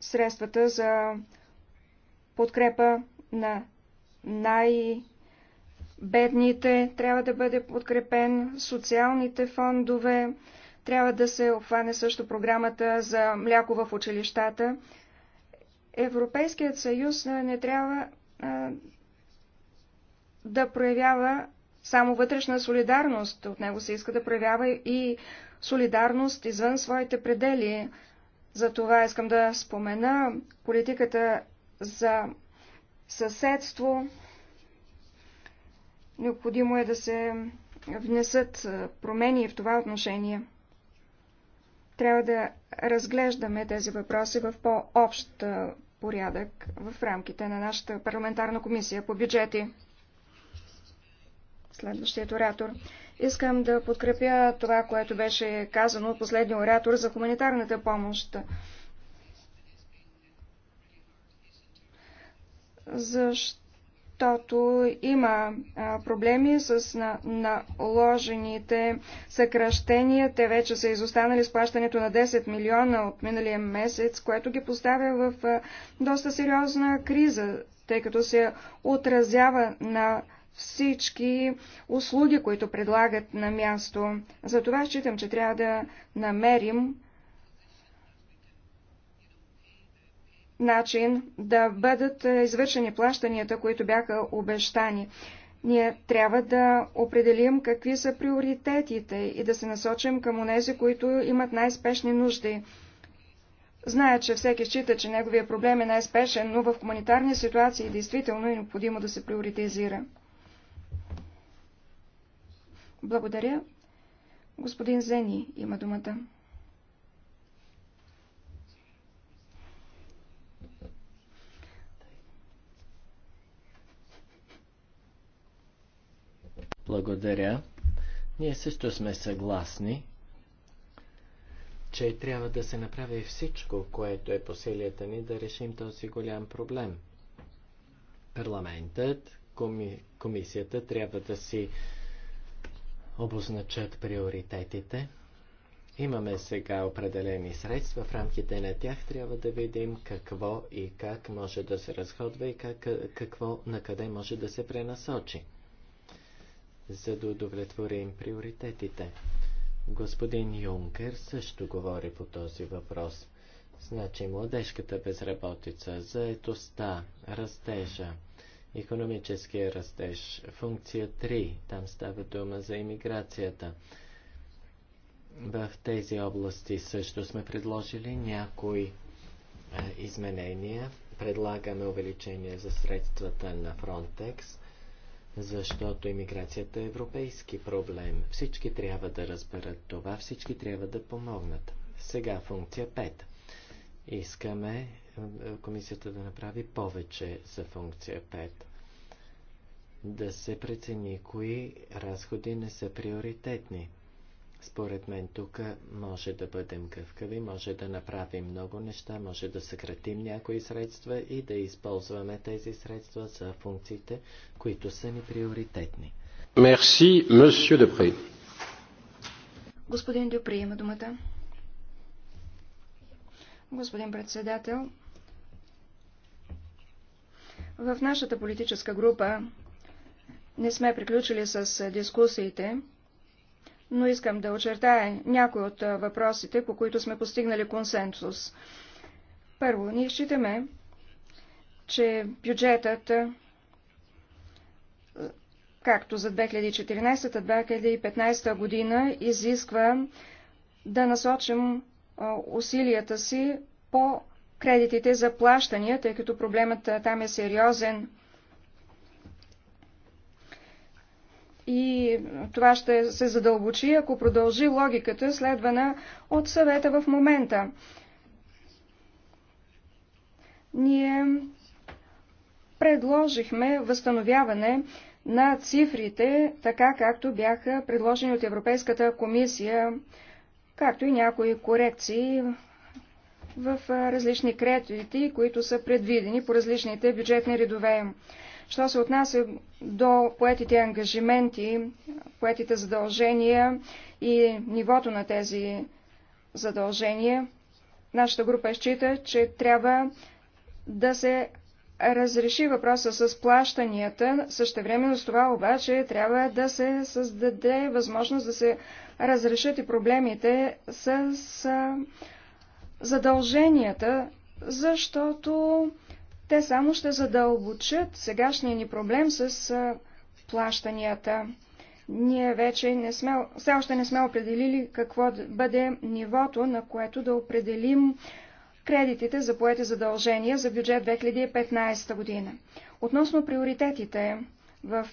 Средствата за подкрепа на най-бедните трябва да бъде подкрепен, социалните фондове, трябва да се обхване също програмата за мляко в училищата. Европейският съюз не трябва а, да проявява само вътрешна солидарност. От него се иска да проявява и солидарност извън своите предели. За това искам да спомена политиката за съседство. Необходимо е да се внесат промени в това отношение. Трябва да разглеждаме тези въпроси в по-общ порядък в рамките на нашата парламентарна комисия по бюджети следващият оратор. Искам да подкрепя това, което беше казано от последния оратор за хуманитарната помощ. Защото има проблеми с наложените съкръщения. Те вече са изостанали с плащането на 10 милиона от миналия месец, което ги поставя в доста сериозна криза, тъй като се отразява на всички услуги, които предлагат на място. Затова считам, че трябва да намерим начин да бъдат извършени плащанията, които бяха обещани. Ние трябва да определим какви са приоритетите и да се насочим към онези, които имат най-спешни нужди. Зная, че всеки счита, че неговия проблем е най-спешен, но в хуманитарни ситуации действително е необходимо да се приоритизира. Благодаря. Господин Зени има думата. Благодаря. Ние също сме съгласни, че трябва да се направи всичко, което е по силията ни да решим този голям проблем. Парламентът, коми, комисията трябва да си обозначат приоритетите. Имаме сега определени средства. В рамките на тях трябва да видим какво и как може да се разходва и как, какво на къде може да се пренасочи, за да удовлетворим приоритетите. Господин Юнкер също говори по този въпрос. Значи младежката безработица, заетостта, растежа, Икономическия растеж. Функция 3, там става дума за иммиграцията. В тези области също сме предложили някои а, е, изменения. Предлагаме увеличение за средствата на Frontex, защото иммиграцията е европейски проблем. Всички трябва да разберат това, всички трябва да помогнат. Сега функция 5. Искаме комисията да направи повече за функция 5. Да се прецени кои разходи не са приоритетни. Според мен тук може да бъдем гъвкави, може да направим много неща, може да съкратим някои средства и да използваме тези средства за функциите, които са ни приоритетни. Мерси, месье Депре. Господин Дюпри има думата. Господин председател, в нашата политическа група не сме приключили с дискусиите, но искам да очертая някои от въпросите, по които сме постигнали консенсус. Първо, ние считаме, че бюджетът, както за 2014-2015 година, изисква да насочим усилията си по кредитите за плащания, тъй като проблемът там е сериозен. И това ще се задълбочи, ако продължи логиката, следвана от съвета в момента. Ние предложихме възстановяване на цифрите, така както бяха предложени от Европейската комисия, както и някои корекции в различни кредити, които са предвидени по различните бюджетни редове. Що се отнася до поетите ангажименти, поетите задължения и нивото на тези задължения, нашата група счита, че трябва да се разреши въпроса с плащанията, същевременно с това обаче трябва да се създаде възможност да се разрешат и проблемите с задълженията, защото те само ще задълбочат сегашния ни проблем с плащанията. Ние вече не сме, все още не сме определили какво да бъде нивото, на което да определим кредитите за поети задължения за бюджет 2015 година. Относно приоритетите в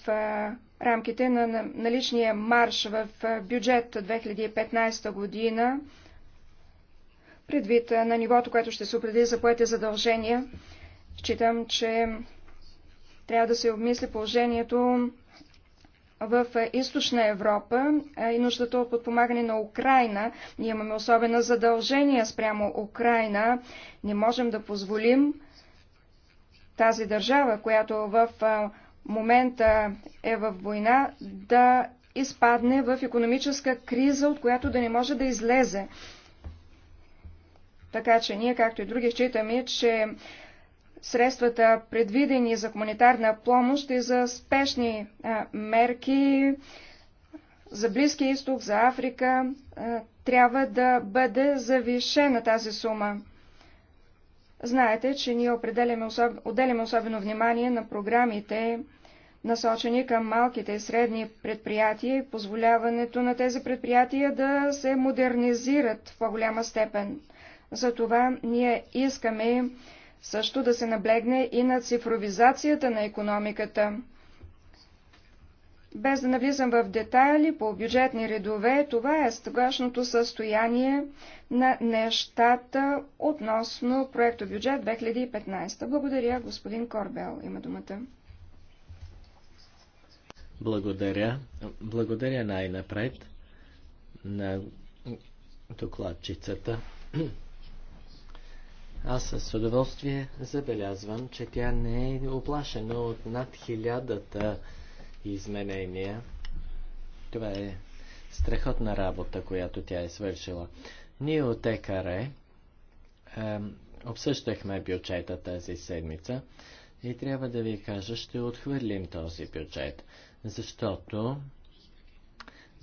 рамките на наличния марш в бюджет 2015 година, Предвид е, на нивото, което ще се определи за поете задължения, считам, че трябва да се обмисли положението в е, източна Европа е, и нуждата от подпомагане на Украина. Ние имаме особено задължение спрямо Украина. Не можем да позволим тази държава, която в момента е в война, да изпадне в економическа криза, от която да не може да излезе. Така че ние, както и други, считаме, че средствата, предвидени за хуманитарна помощ и за спешни а, мерки за Близкия изток, за Африка, а, трябва да бъде завишена тази сума. Знаете, че ние определяме особ... отделяме особено внимание на програмите, насочени към малките и средни предприятия и позволяването на тези предприятия да се модернизират в по-голяма степен. Затова ние искаме също да се наблегне и на цифровизацията на економиката. Без да навлизам в детайли по бюджетни редове, това е стъгашното състояние на нещата относно проекто бюджет 2015. Благодаря, господин Корбел. Има думата. Благодаря. Благодаря най-напред на докладчицата. Аз с удоволствие забелязвам, че тя не е оплашена от над хилядата изменения. Това е страхотна работа, която тя е свършила. Ние от ЕКАРЕ е, обсъждахме бюджета тази седмица и трябва да ви кажа, ще отхвърлим този бюджет, защото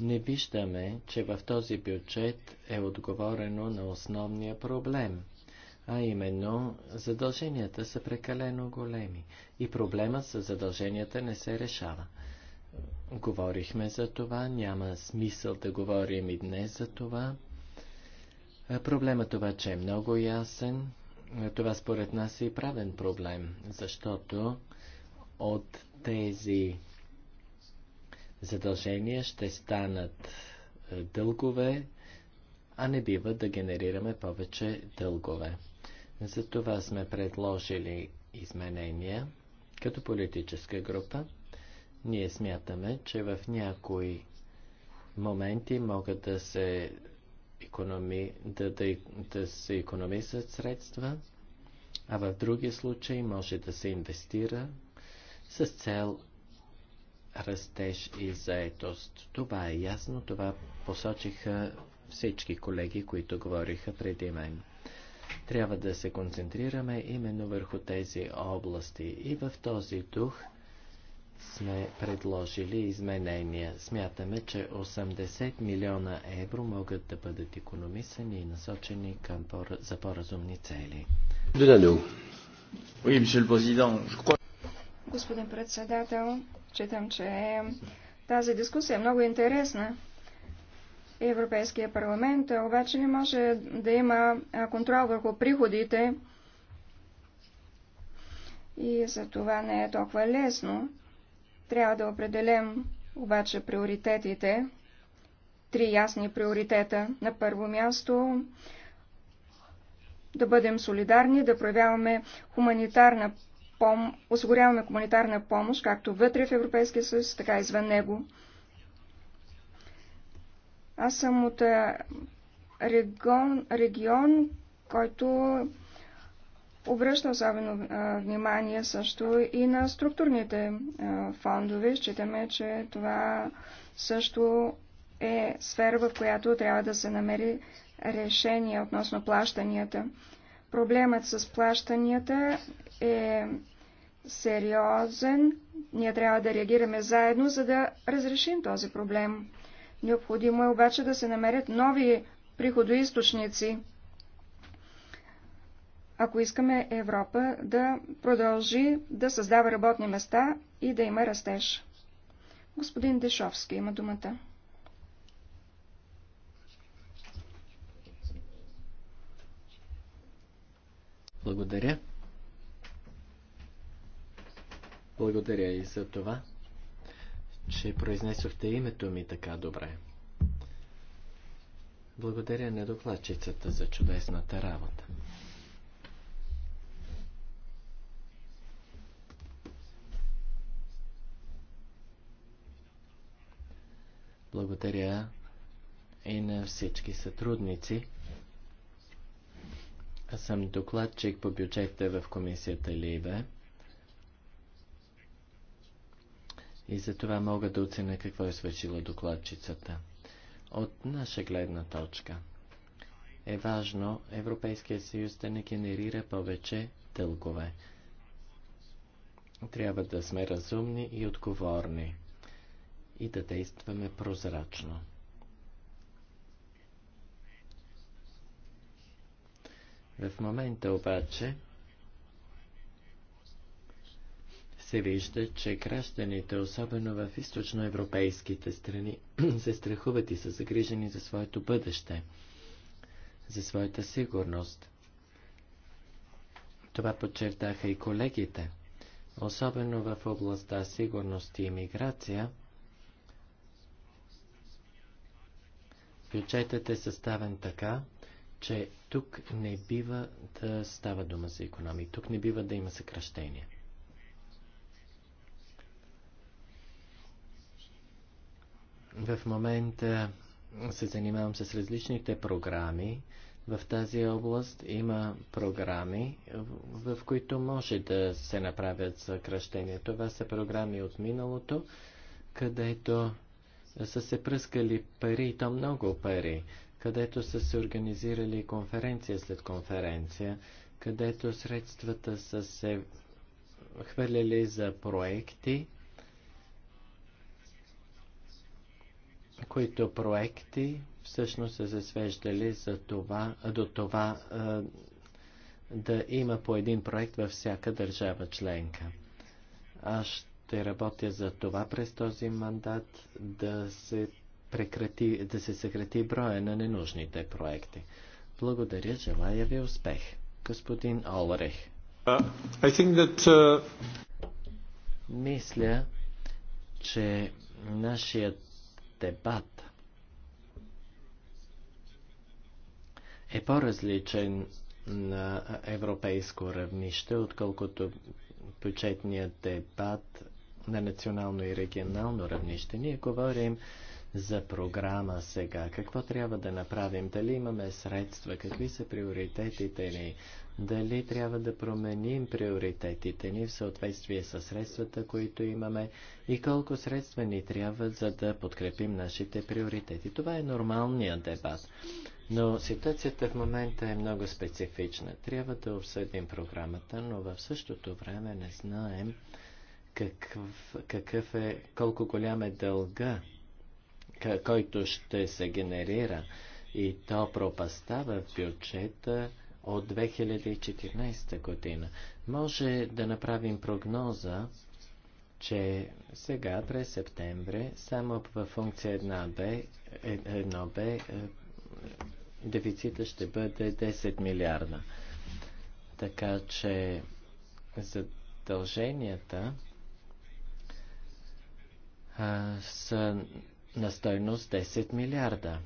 не виждаме, че в този бюджет е отговорено на основния проблем – а именно, задълженията са прекалено големи и проблемът с задълженията не се решава. Говорихме за това, няма смисъл да говорим и днес за това. Проблемът това, че е много ясен, това според нас е и правен проблем, защото от тези задължения ще станат е, дългове, а не бива да генерираме повече дългове. Затова сме предложили изменения като политическа група. Ние смятаме, че в някои моменти могат да се, економи, да, да, да се економисат средства, а в други случаи може да се инвестира с цел растеж и заетост. Това е ясно, това посочиха всички колеги, които говориха преди мен. Трябва да се концентрираме именно върху тези области и в този дух сме предложили изменения. Смятаме, че 80 милиона евро могат да бъдат економисани и насочени към пор... за по-разумни цели. Господин председател, читам, че тази дискусия е много интересна. Европейския парламент, обаче не може да има контрол върху приходите и за това не е толкова лесно. Трябва да определим обаче приоритетите, три ясни приоритета. На първо място да бъдем солидарни, да проявяваме хуманитарна пом... осигуряваме хуманитарна помощ, както вътре в Европейския съюз, така и извън него. Аз съм от регион, регион който обръща особено внимание също и на структурните фондове. Считаме, че това също е сфера, в която трябва да се намери решение относно плащанията. Проблемът с плащанията е сериозен. Ние трябва да реагираме заедно, за да разрешим този проблем. Необходимо е обаче да се намерят нови приходоисточници, ако искаме Европа да продължи да създава работни места и да има растеж. Господин Дешовски има думата. Благодаря. Благодаря и за това, че произнесохте името ми така добре. Благодаря на докладчицата за чудесната работа. Благодаря и на всички сътрудници. Аз съм докладчик по бюджета в комисията Либе. и за това мога да оценя какво е свършила докладчицата. От наша гледна точка е важно Европейския съюз да не генерира повече дългове. Трябва да сме разумни и отговорни и да действаме прозрачно. В момента обаче се вижда, че гражданите, особено в източноевропейските страни, <clears throat> се страхуват и са загрижени за своето бъдеще, за своята сигурност. Това подчертаха и колегите. Особено в областта сигурност и иммиграция, бюджетът е съставен така, че тук не бива да става дума за економи. тук не бива да има съкръщения. В момента се занимавам с различните програми. В тази област има програми, в, в които може да се направят съкръщения. Това са програми от миналото, където са се пръскали пари, и то много пари, където са се организирали конференция след конференция, където средствата са се хвърляли за проекти, които проекти всъщност са се свеждали за това, до това да има по един проект във всяка държава членка. Аз ще работя за това през този мандат да се, прекрати, да се съкрати броя на ненужните проекти. Благодаря, желая ви успех. Господин Олрех. Uh, that, uh... Мисля, че нашият дебат е по-различен на европейско равнище, отколкото бюджетният дебат на национално и регионално равнище. Ние говорим за програма сега. Какво трябва да направим? Дали имаме средства? Какви са приоритетите ни? дали трябва да променим приоритетите ни в съответствие с средствата, които имаме и колко средства ни трябва, за да подкрепим нашите приоритети. Това е нормалният дебат. Но ситуацията в момента е много специфична. Трябва да обсъдим програмата, но в същото време не знаем какъв, какъв е, колко голям е дълга, който ще се генерира. И то пропаста в бюджета от 2014 година. Може да направим прогноза, че сега през септември само в функция 1b, 1b е, е, дефицита ще бъде 10 милиарда. Така че задълженията а, са на стойност 10 милиарда.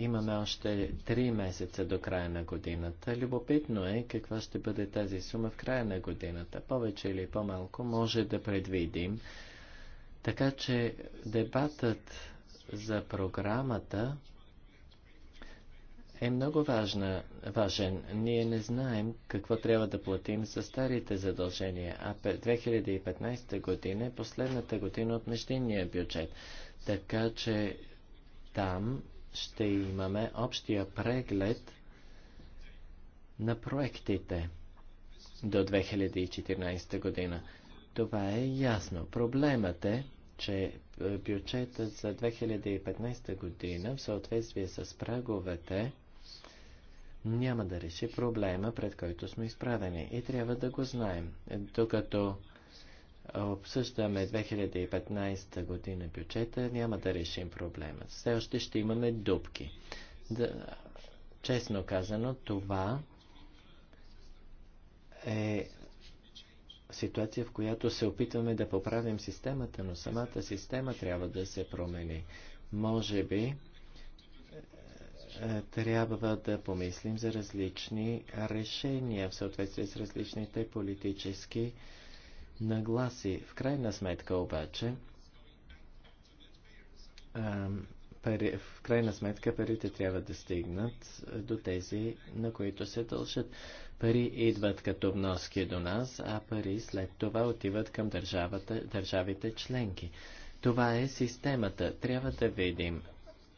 Имаме още 3 месеца до края на годината. Любопитно е каква ще бъде тази сума в края на годината. Повече или по-малко може да предвидим. Така че дебатът за програмата е много важна, важен. Ние не знаем какво трябва да платим за старите задължения, а 2015 година е последната година от междинния бюджет. Така че там ще имаме общия преглед на проектите до 2014 година. Това е ясно. Проблемът е, че е, бюджетът за 2015 година в съответствие с праговете няма да реши проблема, пред който сме изправени и трябва да го знаем. Докато обсъждаме 2015 година бюджета, няма да решим проблема. Все още ще имаме дупки. Да, честно казано, това е ситуация, в която се опитваме да поправим системата, но самата система трябва да се промени. Може би е, трябва да помислим за различни решения в съответствие с различните политически нагласи. В крайна сметка обаче, в крайна сметка парите трябва да стигнат до тези, на които се дължат. Пари идват като вноски до нас, а пари след това отиват към държавата, държавите членки. Това е системата. Трябва да видим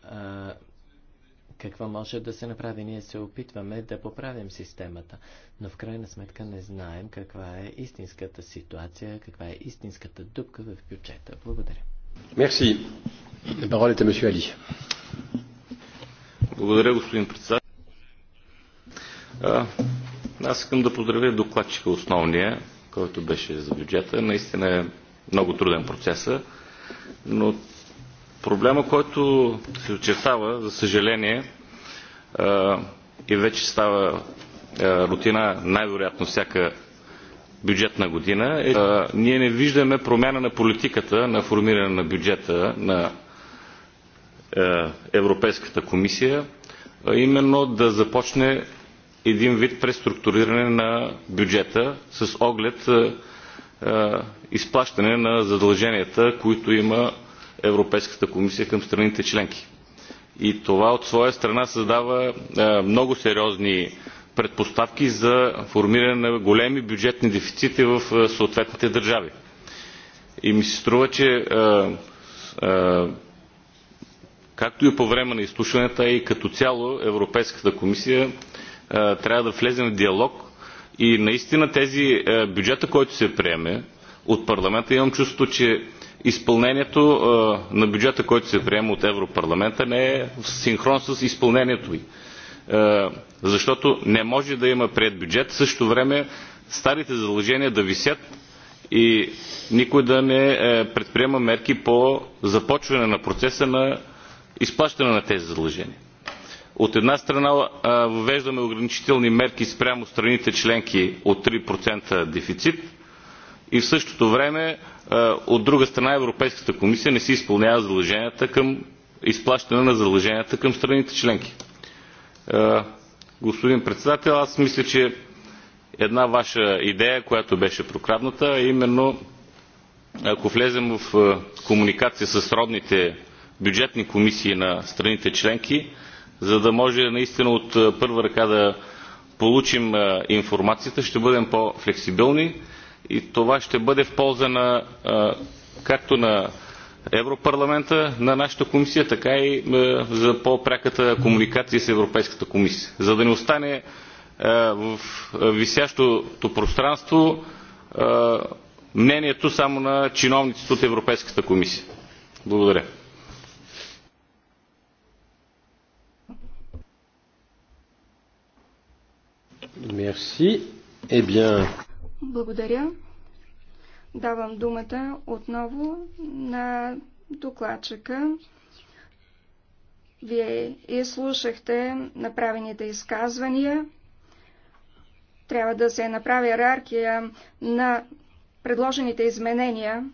а, какво може да се направи. Ние се опитваме да поправим системата, но в крайна сметка не знаем каква е истинската ситуация, каква е истинската дупка в бюджета. Благодаря. Мерси. Паролите, месье Али. Благодаря, господин председател. Аз искам да поздравя докладчика основния, който беше за бюджета. Наистина е много труден процеса, но Проблема, който се очертава, за съжаление, и вече става рутина най-вероятно всяка бюджетна година, е, ние не виждаме промяна на политиката на формиране на бюджета на Европейската комисия, именно да започне един вид преструктуриране на бюджета с оглед изплащане на задълженията, които има Европейската комисия към страните членки. И това от своя страна създава е, много сериозни предпоставки за формиране на големи бюджетни дефицити в е, съответните държави. И ми се струва, че е, както и по време на изслушването, и като цяло Европейската комисия трябва да влезе в диалог и наистина тези бюджета, който се приеме от парламента, имам чувството, че изпълнението на бюджета, който се приема от Европарламента, не е в синхрон с изпълнението й. Защото не може да има пред бюджет, също същото време старите задължения да висят и никой да не е, предприема мерки по започване на процеса на изплащане на тези задължения. От една страна въвеждаме ограничителни мерки спрямо страните членки от 3% дефицит, и в същото време е, от друга страна Европейската комисия не си изпълнява задълженията към изплащане на задълженията към страните членки. Е, господин председател, аз мисля, че една ваша идея, която беше прокрадната, е именно ако влезем в е, комуникация с родните бюджетни комисии на страните членки, за да може наистина от първа ръка да получим информацията, ще бъдем по-флексибилни и това ще бъде в полза на, както на Европарламента, на нашата комисия, така и за по-пряката комуникация с Европейската комисия. За да не остане в висящото пространство мнението само на чиновниците от Европейската комисия. Благодаря. Merci. Eh bien... Благодаря. Давам думата отново на докладчика. Вие изслушахте направените изказвания. Трябва да се направи иерархия на предложените изменения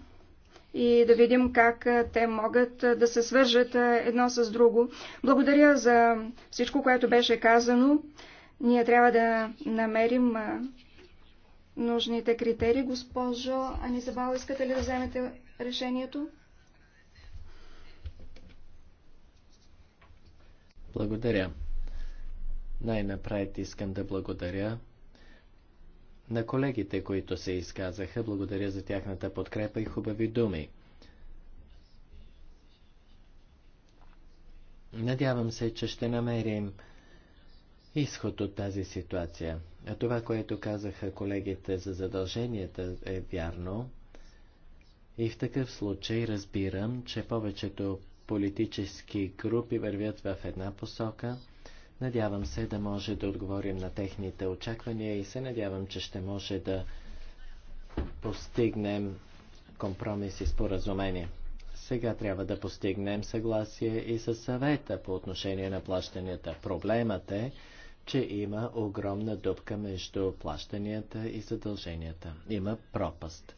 и да видим как те могат да се свържат едно с друго. Благодаря за всичко, което беше казано. Ние трябва да намерим нужните критерии. Госпожо Анизабал, искате ли да вземете решението? Благодаря. Най-напред искам да благодаря на колегите, които се изказаха. Благодаря за тяхната подкрепа и хубави думи. Надявам се, че ще намерим изход от тази ситуация. А това, което казаха колегите за задълженията е вярно. И в такъв случай разбирам, че повечето политически групи вървят в една посока. Надявам се да може да отговорим на техните очаквания и се надявам, че ще може да постигнем компромис и споразумение. Сега трябва да постигнем съгласие и със съвета по отношение на плащанията. Проблемът е, че има огромна дупка между плащанията и задълженията. Има пропаст.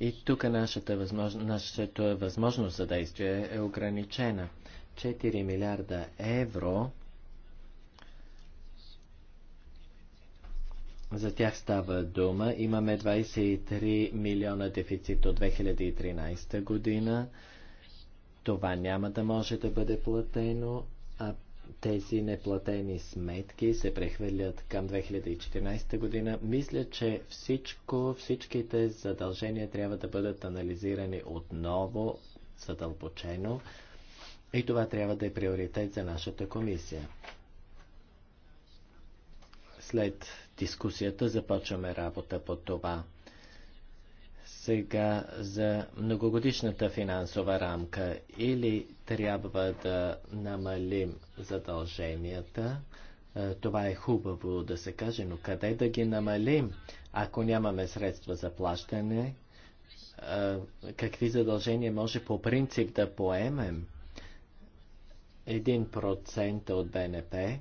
И тук нашата възможност, нашата възможност за действие е ограничена. 4 милиарда евро За тях става дума. Имаме 23 милиона дефицит от 2013 година. Това няма да може да бъде платено а тези неплатени сметки се прехвърлят към 2014 година. Мисля, че всичко, всичките задължения трябва да бъдат анализирани отново, задълбочено и това трябва да е приоритет за нашата комисия. След дискусията започваме работа по това. Сега за многогодишната финансова рамка или трябва да намалим задълженията, е, това е хубаво да се каже, но къде да ги намалим, ако нямаме средства за плащане, е, какви задължения може по принцип да поемем? 1% от БНП,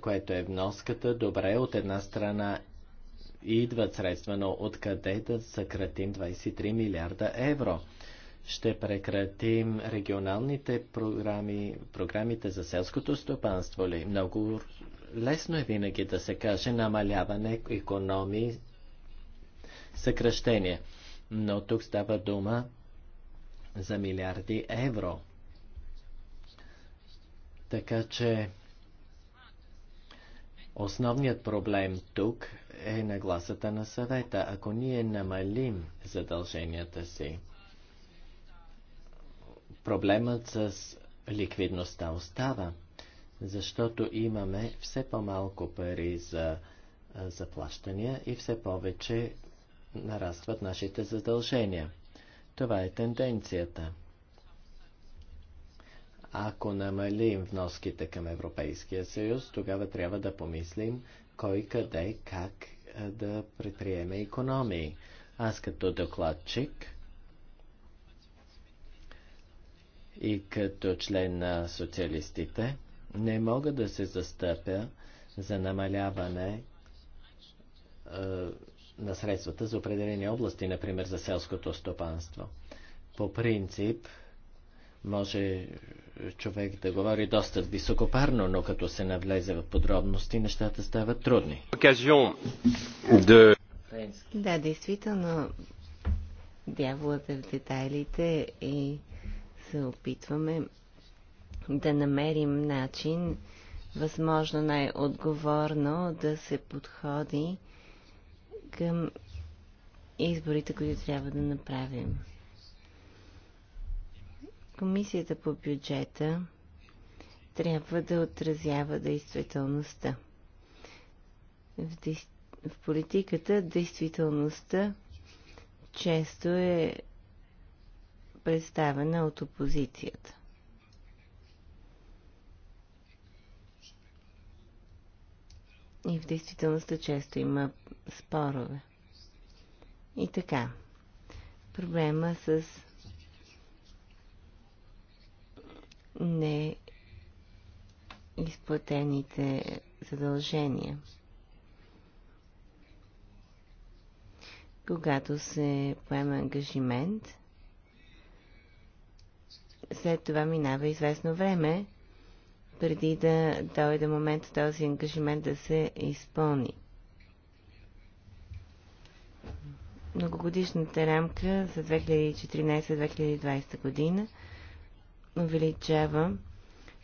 което е вноската, добре, от една страна идват средства, но откъде да съкратим 23 милиарда евро? Ще прекратим регионалните програми, програмите за селското стопанство ли? Много лесно е винаги да се каже намаляване, економии, съкръщение. Но тук става дума за милиарди евро. Така че основният проблем тук е нагласата на съвета. Ако ние намалим задълженията си, проблемът с ликвидността остава, защото имаме все по-малко пари за заплащания и все повече нарастват нашите задължения. Това е тенденцията. Ако намалим вноските към Европейския съюз, тогава трябва да помислим кой къде, как да предприеме економии. Аз като докладчик и като член на социалистите не мога да се застъпя за намаляване е, на средствата за определени области, например за селското стопанство. По принцип, може човек да говори доста високопарно, но като се навлезе в подробности, нещата стават трудни. Да, действително, дяволът е в детайлите и се опитваме да намерим начин, възможно най-отговорно да се подходи към изборите, които трябва да направим. Комисията по бюджета трябва да отразява действителността. В, в политиката действителността често е представена от опозицията. И в действителността често има спорове. И така, проблема с не изплатените задължения. Когато се поема ангажимент, след това минава известно време, преди да дойде момент този ангажимент да се изпълни. Многогодишната рамка за 2014-2020 година – увеличава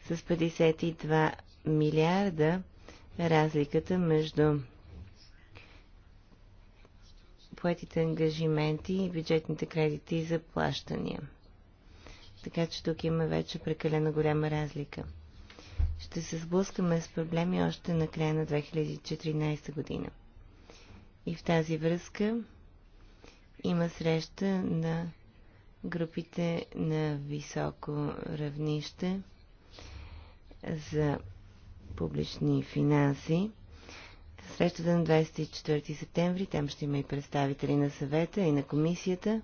с 52 милиарда разликата между поетите ангажименти и бюджетните кредити за заплащания. Така че тук има вече прекалено голяма разлика. Ще се сблъскаме с проблеми още на края на 2014 година. И в тази връзка има среща на групите на високо равнище за публични финанси. Срещата на 24 септември, там ще има и представители на съвета и на комисията.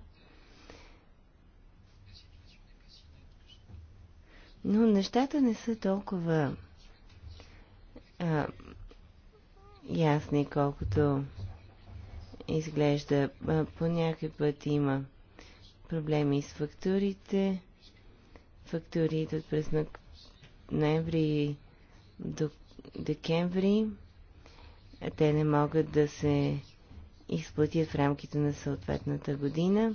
Но нещата не са толкова а, ясни, колкото изглежда. По някакъв път има проблеми с фактурите. Фактури идват през ноември и до декември. Те не могат да се изплатят в рамките на съответната година,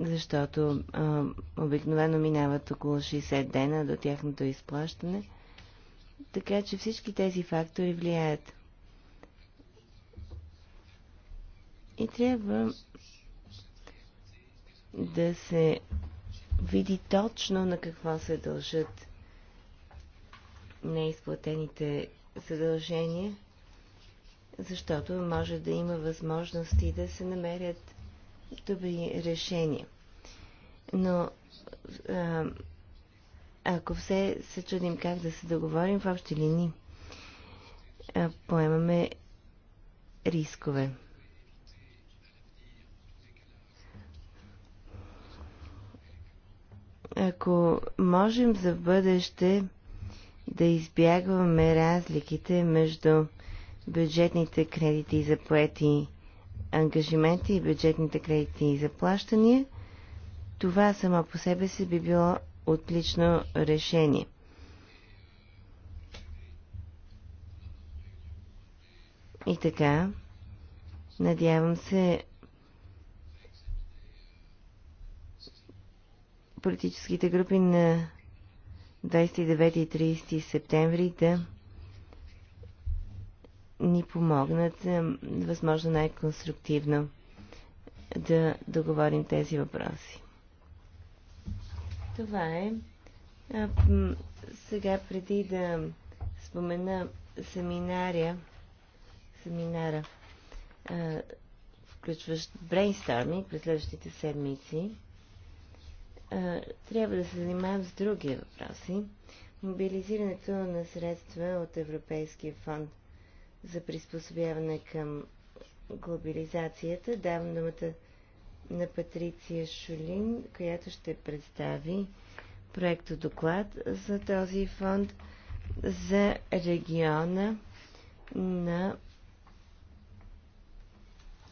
защото а, обикновено минават около 60 дена до тяхното изплащане. Така че всички тези фактори влияят И трябва да се види точно на какво се дължат неизплатените задължения, защото може да има възможности да се намерят добри решения. Но а, ако все се чудим как да се договорим в общи линии, поемаме рискове. Ако можем за бъдеще да избягваме разликите между бюджетните кредити за поети ангажименти и бюджетните кредити и заплащания, това само по себе си би било отлично решение. И така, надявам се политическите групи на 29 и 30 септември да ни помогнат е, възможно най-конструктивно да договорим тези въпроси. Това е. А, сега преди да спомена семинария, семинара, а, включващ брейнстарминг през следващите седмици, трябва да се занимавам с други въпроси. Мобилизирането на средства от Европейския фонд за приспособяване към глобализацията. Давам думата на Патриция Шулин, която ще представи проекто доклад за този фонд за региона на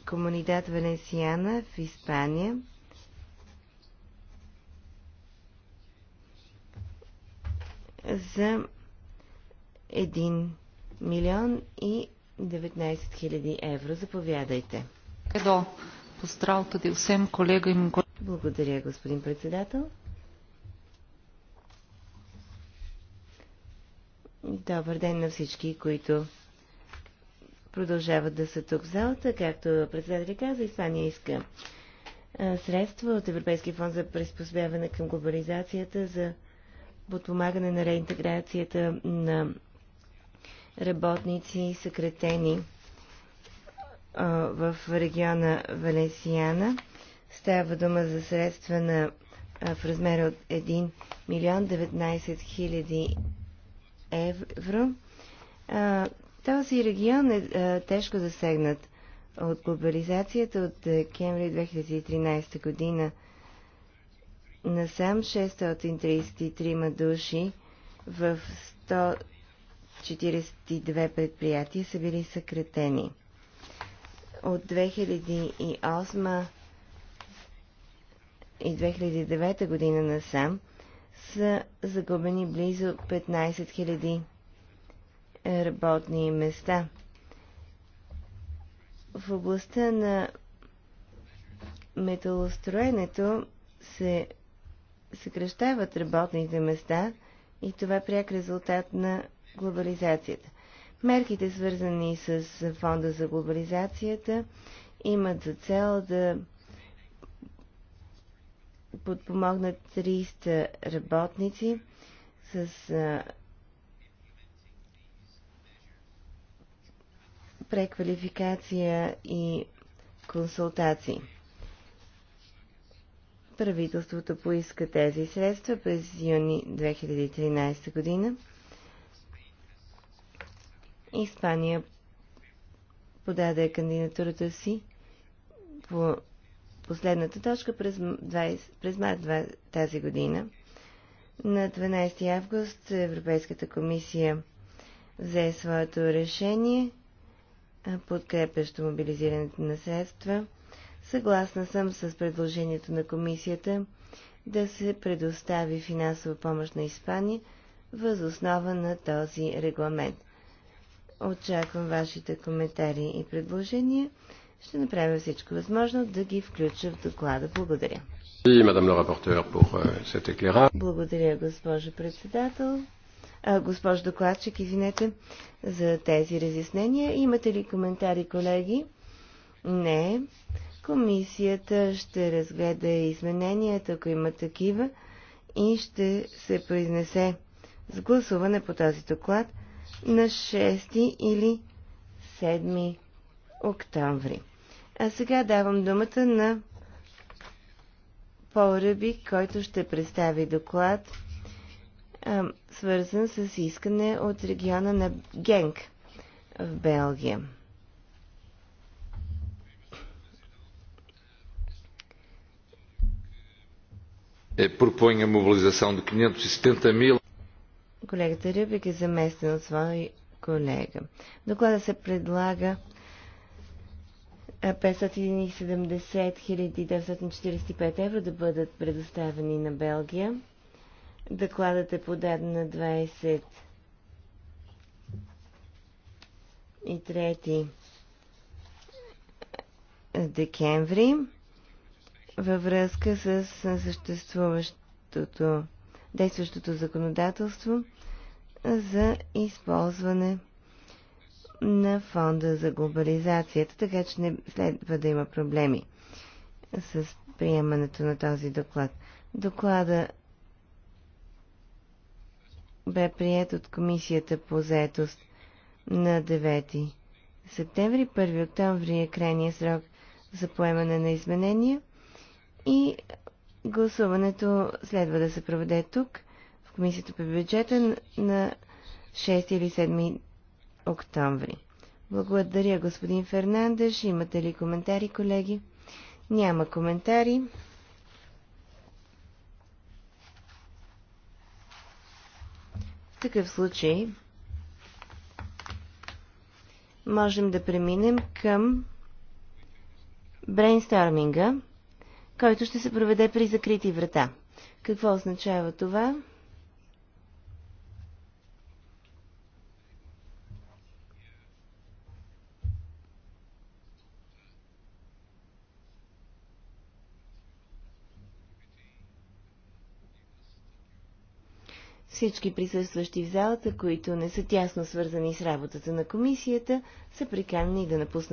Комунитат Валенсиана в Испания – за 1 милион и 19 хиляди евро. Заповядайте. колега го... Благодаря, господин председател. Добър ден на всички, които продължават да са тук в залата. Както председателя каза, Испания иска средства от Европейския фонд за приспособяване към глобализацията за подпомагане на реинтеграцията на работници, съкретени в региона Валенсиана. Става дума за средства на, в размер от 1 милион 19 хиляди евро. Този регион е тежко засегнат от глобализацията от декември 2013 година насам 633 души в 142 предприятия са били съкретени. От 2008 и 2009 година насам са загубени близо 15 000 работни места. В областта на металостроенето се съкръщават работните места и това е пряк резултат на глобализацията. Мерките, свързани с фонда за глобализацията, имат за цел да подпомогнат 300 работници с преквалификация и консултации. Правителството поиска тези средства през юни 2013 година. Испания подаде кандидатурата си по последната точка през, 20, през март тази година. На 12 август Европейската комисия взе своето решение, подкрепящо мобилизирането на средства – Съгласна съм с предложението на комисията да се предостави финансова помощ на Испания въз основа на този регламент. Очаквам вашите коментари и предложения. Ще направя всичко възможно да ги включа в доклада. Благодаря. Euh, Благодаря, госпожо председател. госпожо докладчик, извинете за тези разяснения. Имате ли коментари, колеги? Не. Комисията ще разгледа измененията, ако има такива, и ще се произнесе с гласуване по този доклад на 6 или 7 октомври. А сега давам думата на Пол който ще представи доклад, свързан с искане от региона на Генг в Белгия. е, a mobilização de 570 e mil. Колегата Рюбик е заместен от своя колега. Доклада се предлага 570 е, 945 евро да бъдат предоставени на Белгия. Докладът е подаден на 20 декември във връзка с съществуващото, действащото законодателство за използване на фонда за глобализацията, така че не следва да има проблеми с приемането на този доклад. Доклада бе прият от Комисията по заетост на 9 септември, 1 октомври е крайния срок за поемане на изменения – и гласуването следва да се проведе тук, в Комисията по бюджета на 6 или 7 октомври. Благодаря, господин Фернандеш. Имате ли коментари, колеги? Няма коментари. В такъв случай можем да преминем към брейнсторминга който ще се проведе при закрити врата. Какво означава това? Всички присъстващи в залата, които не са тясно свързани с работата на комисията, са приканени да напуснат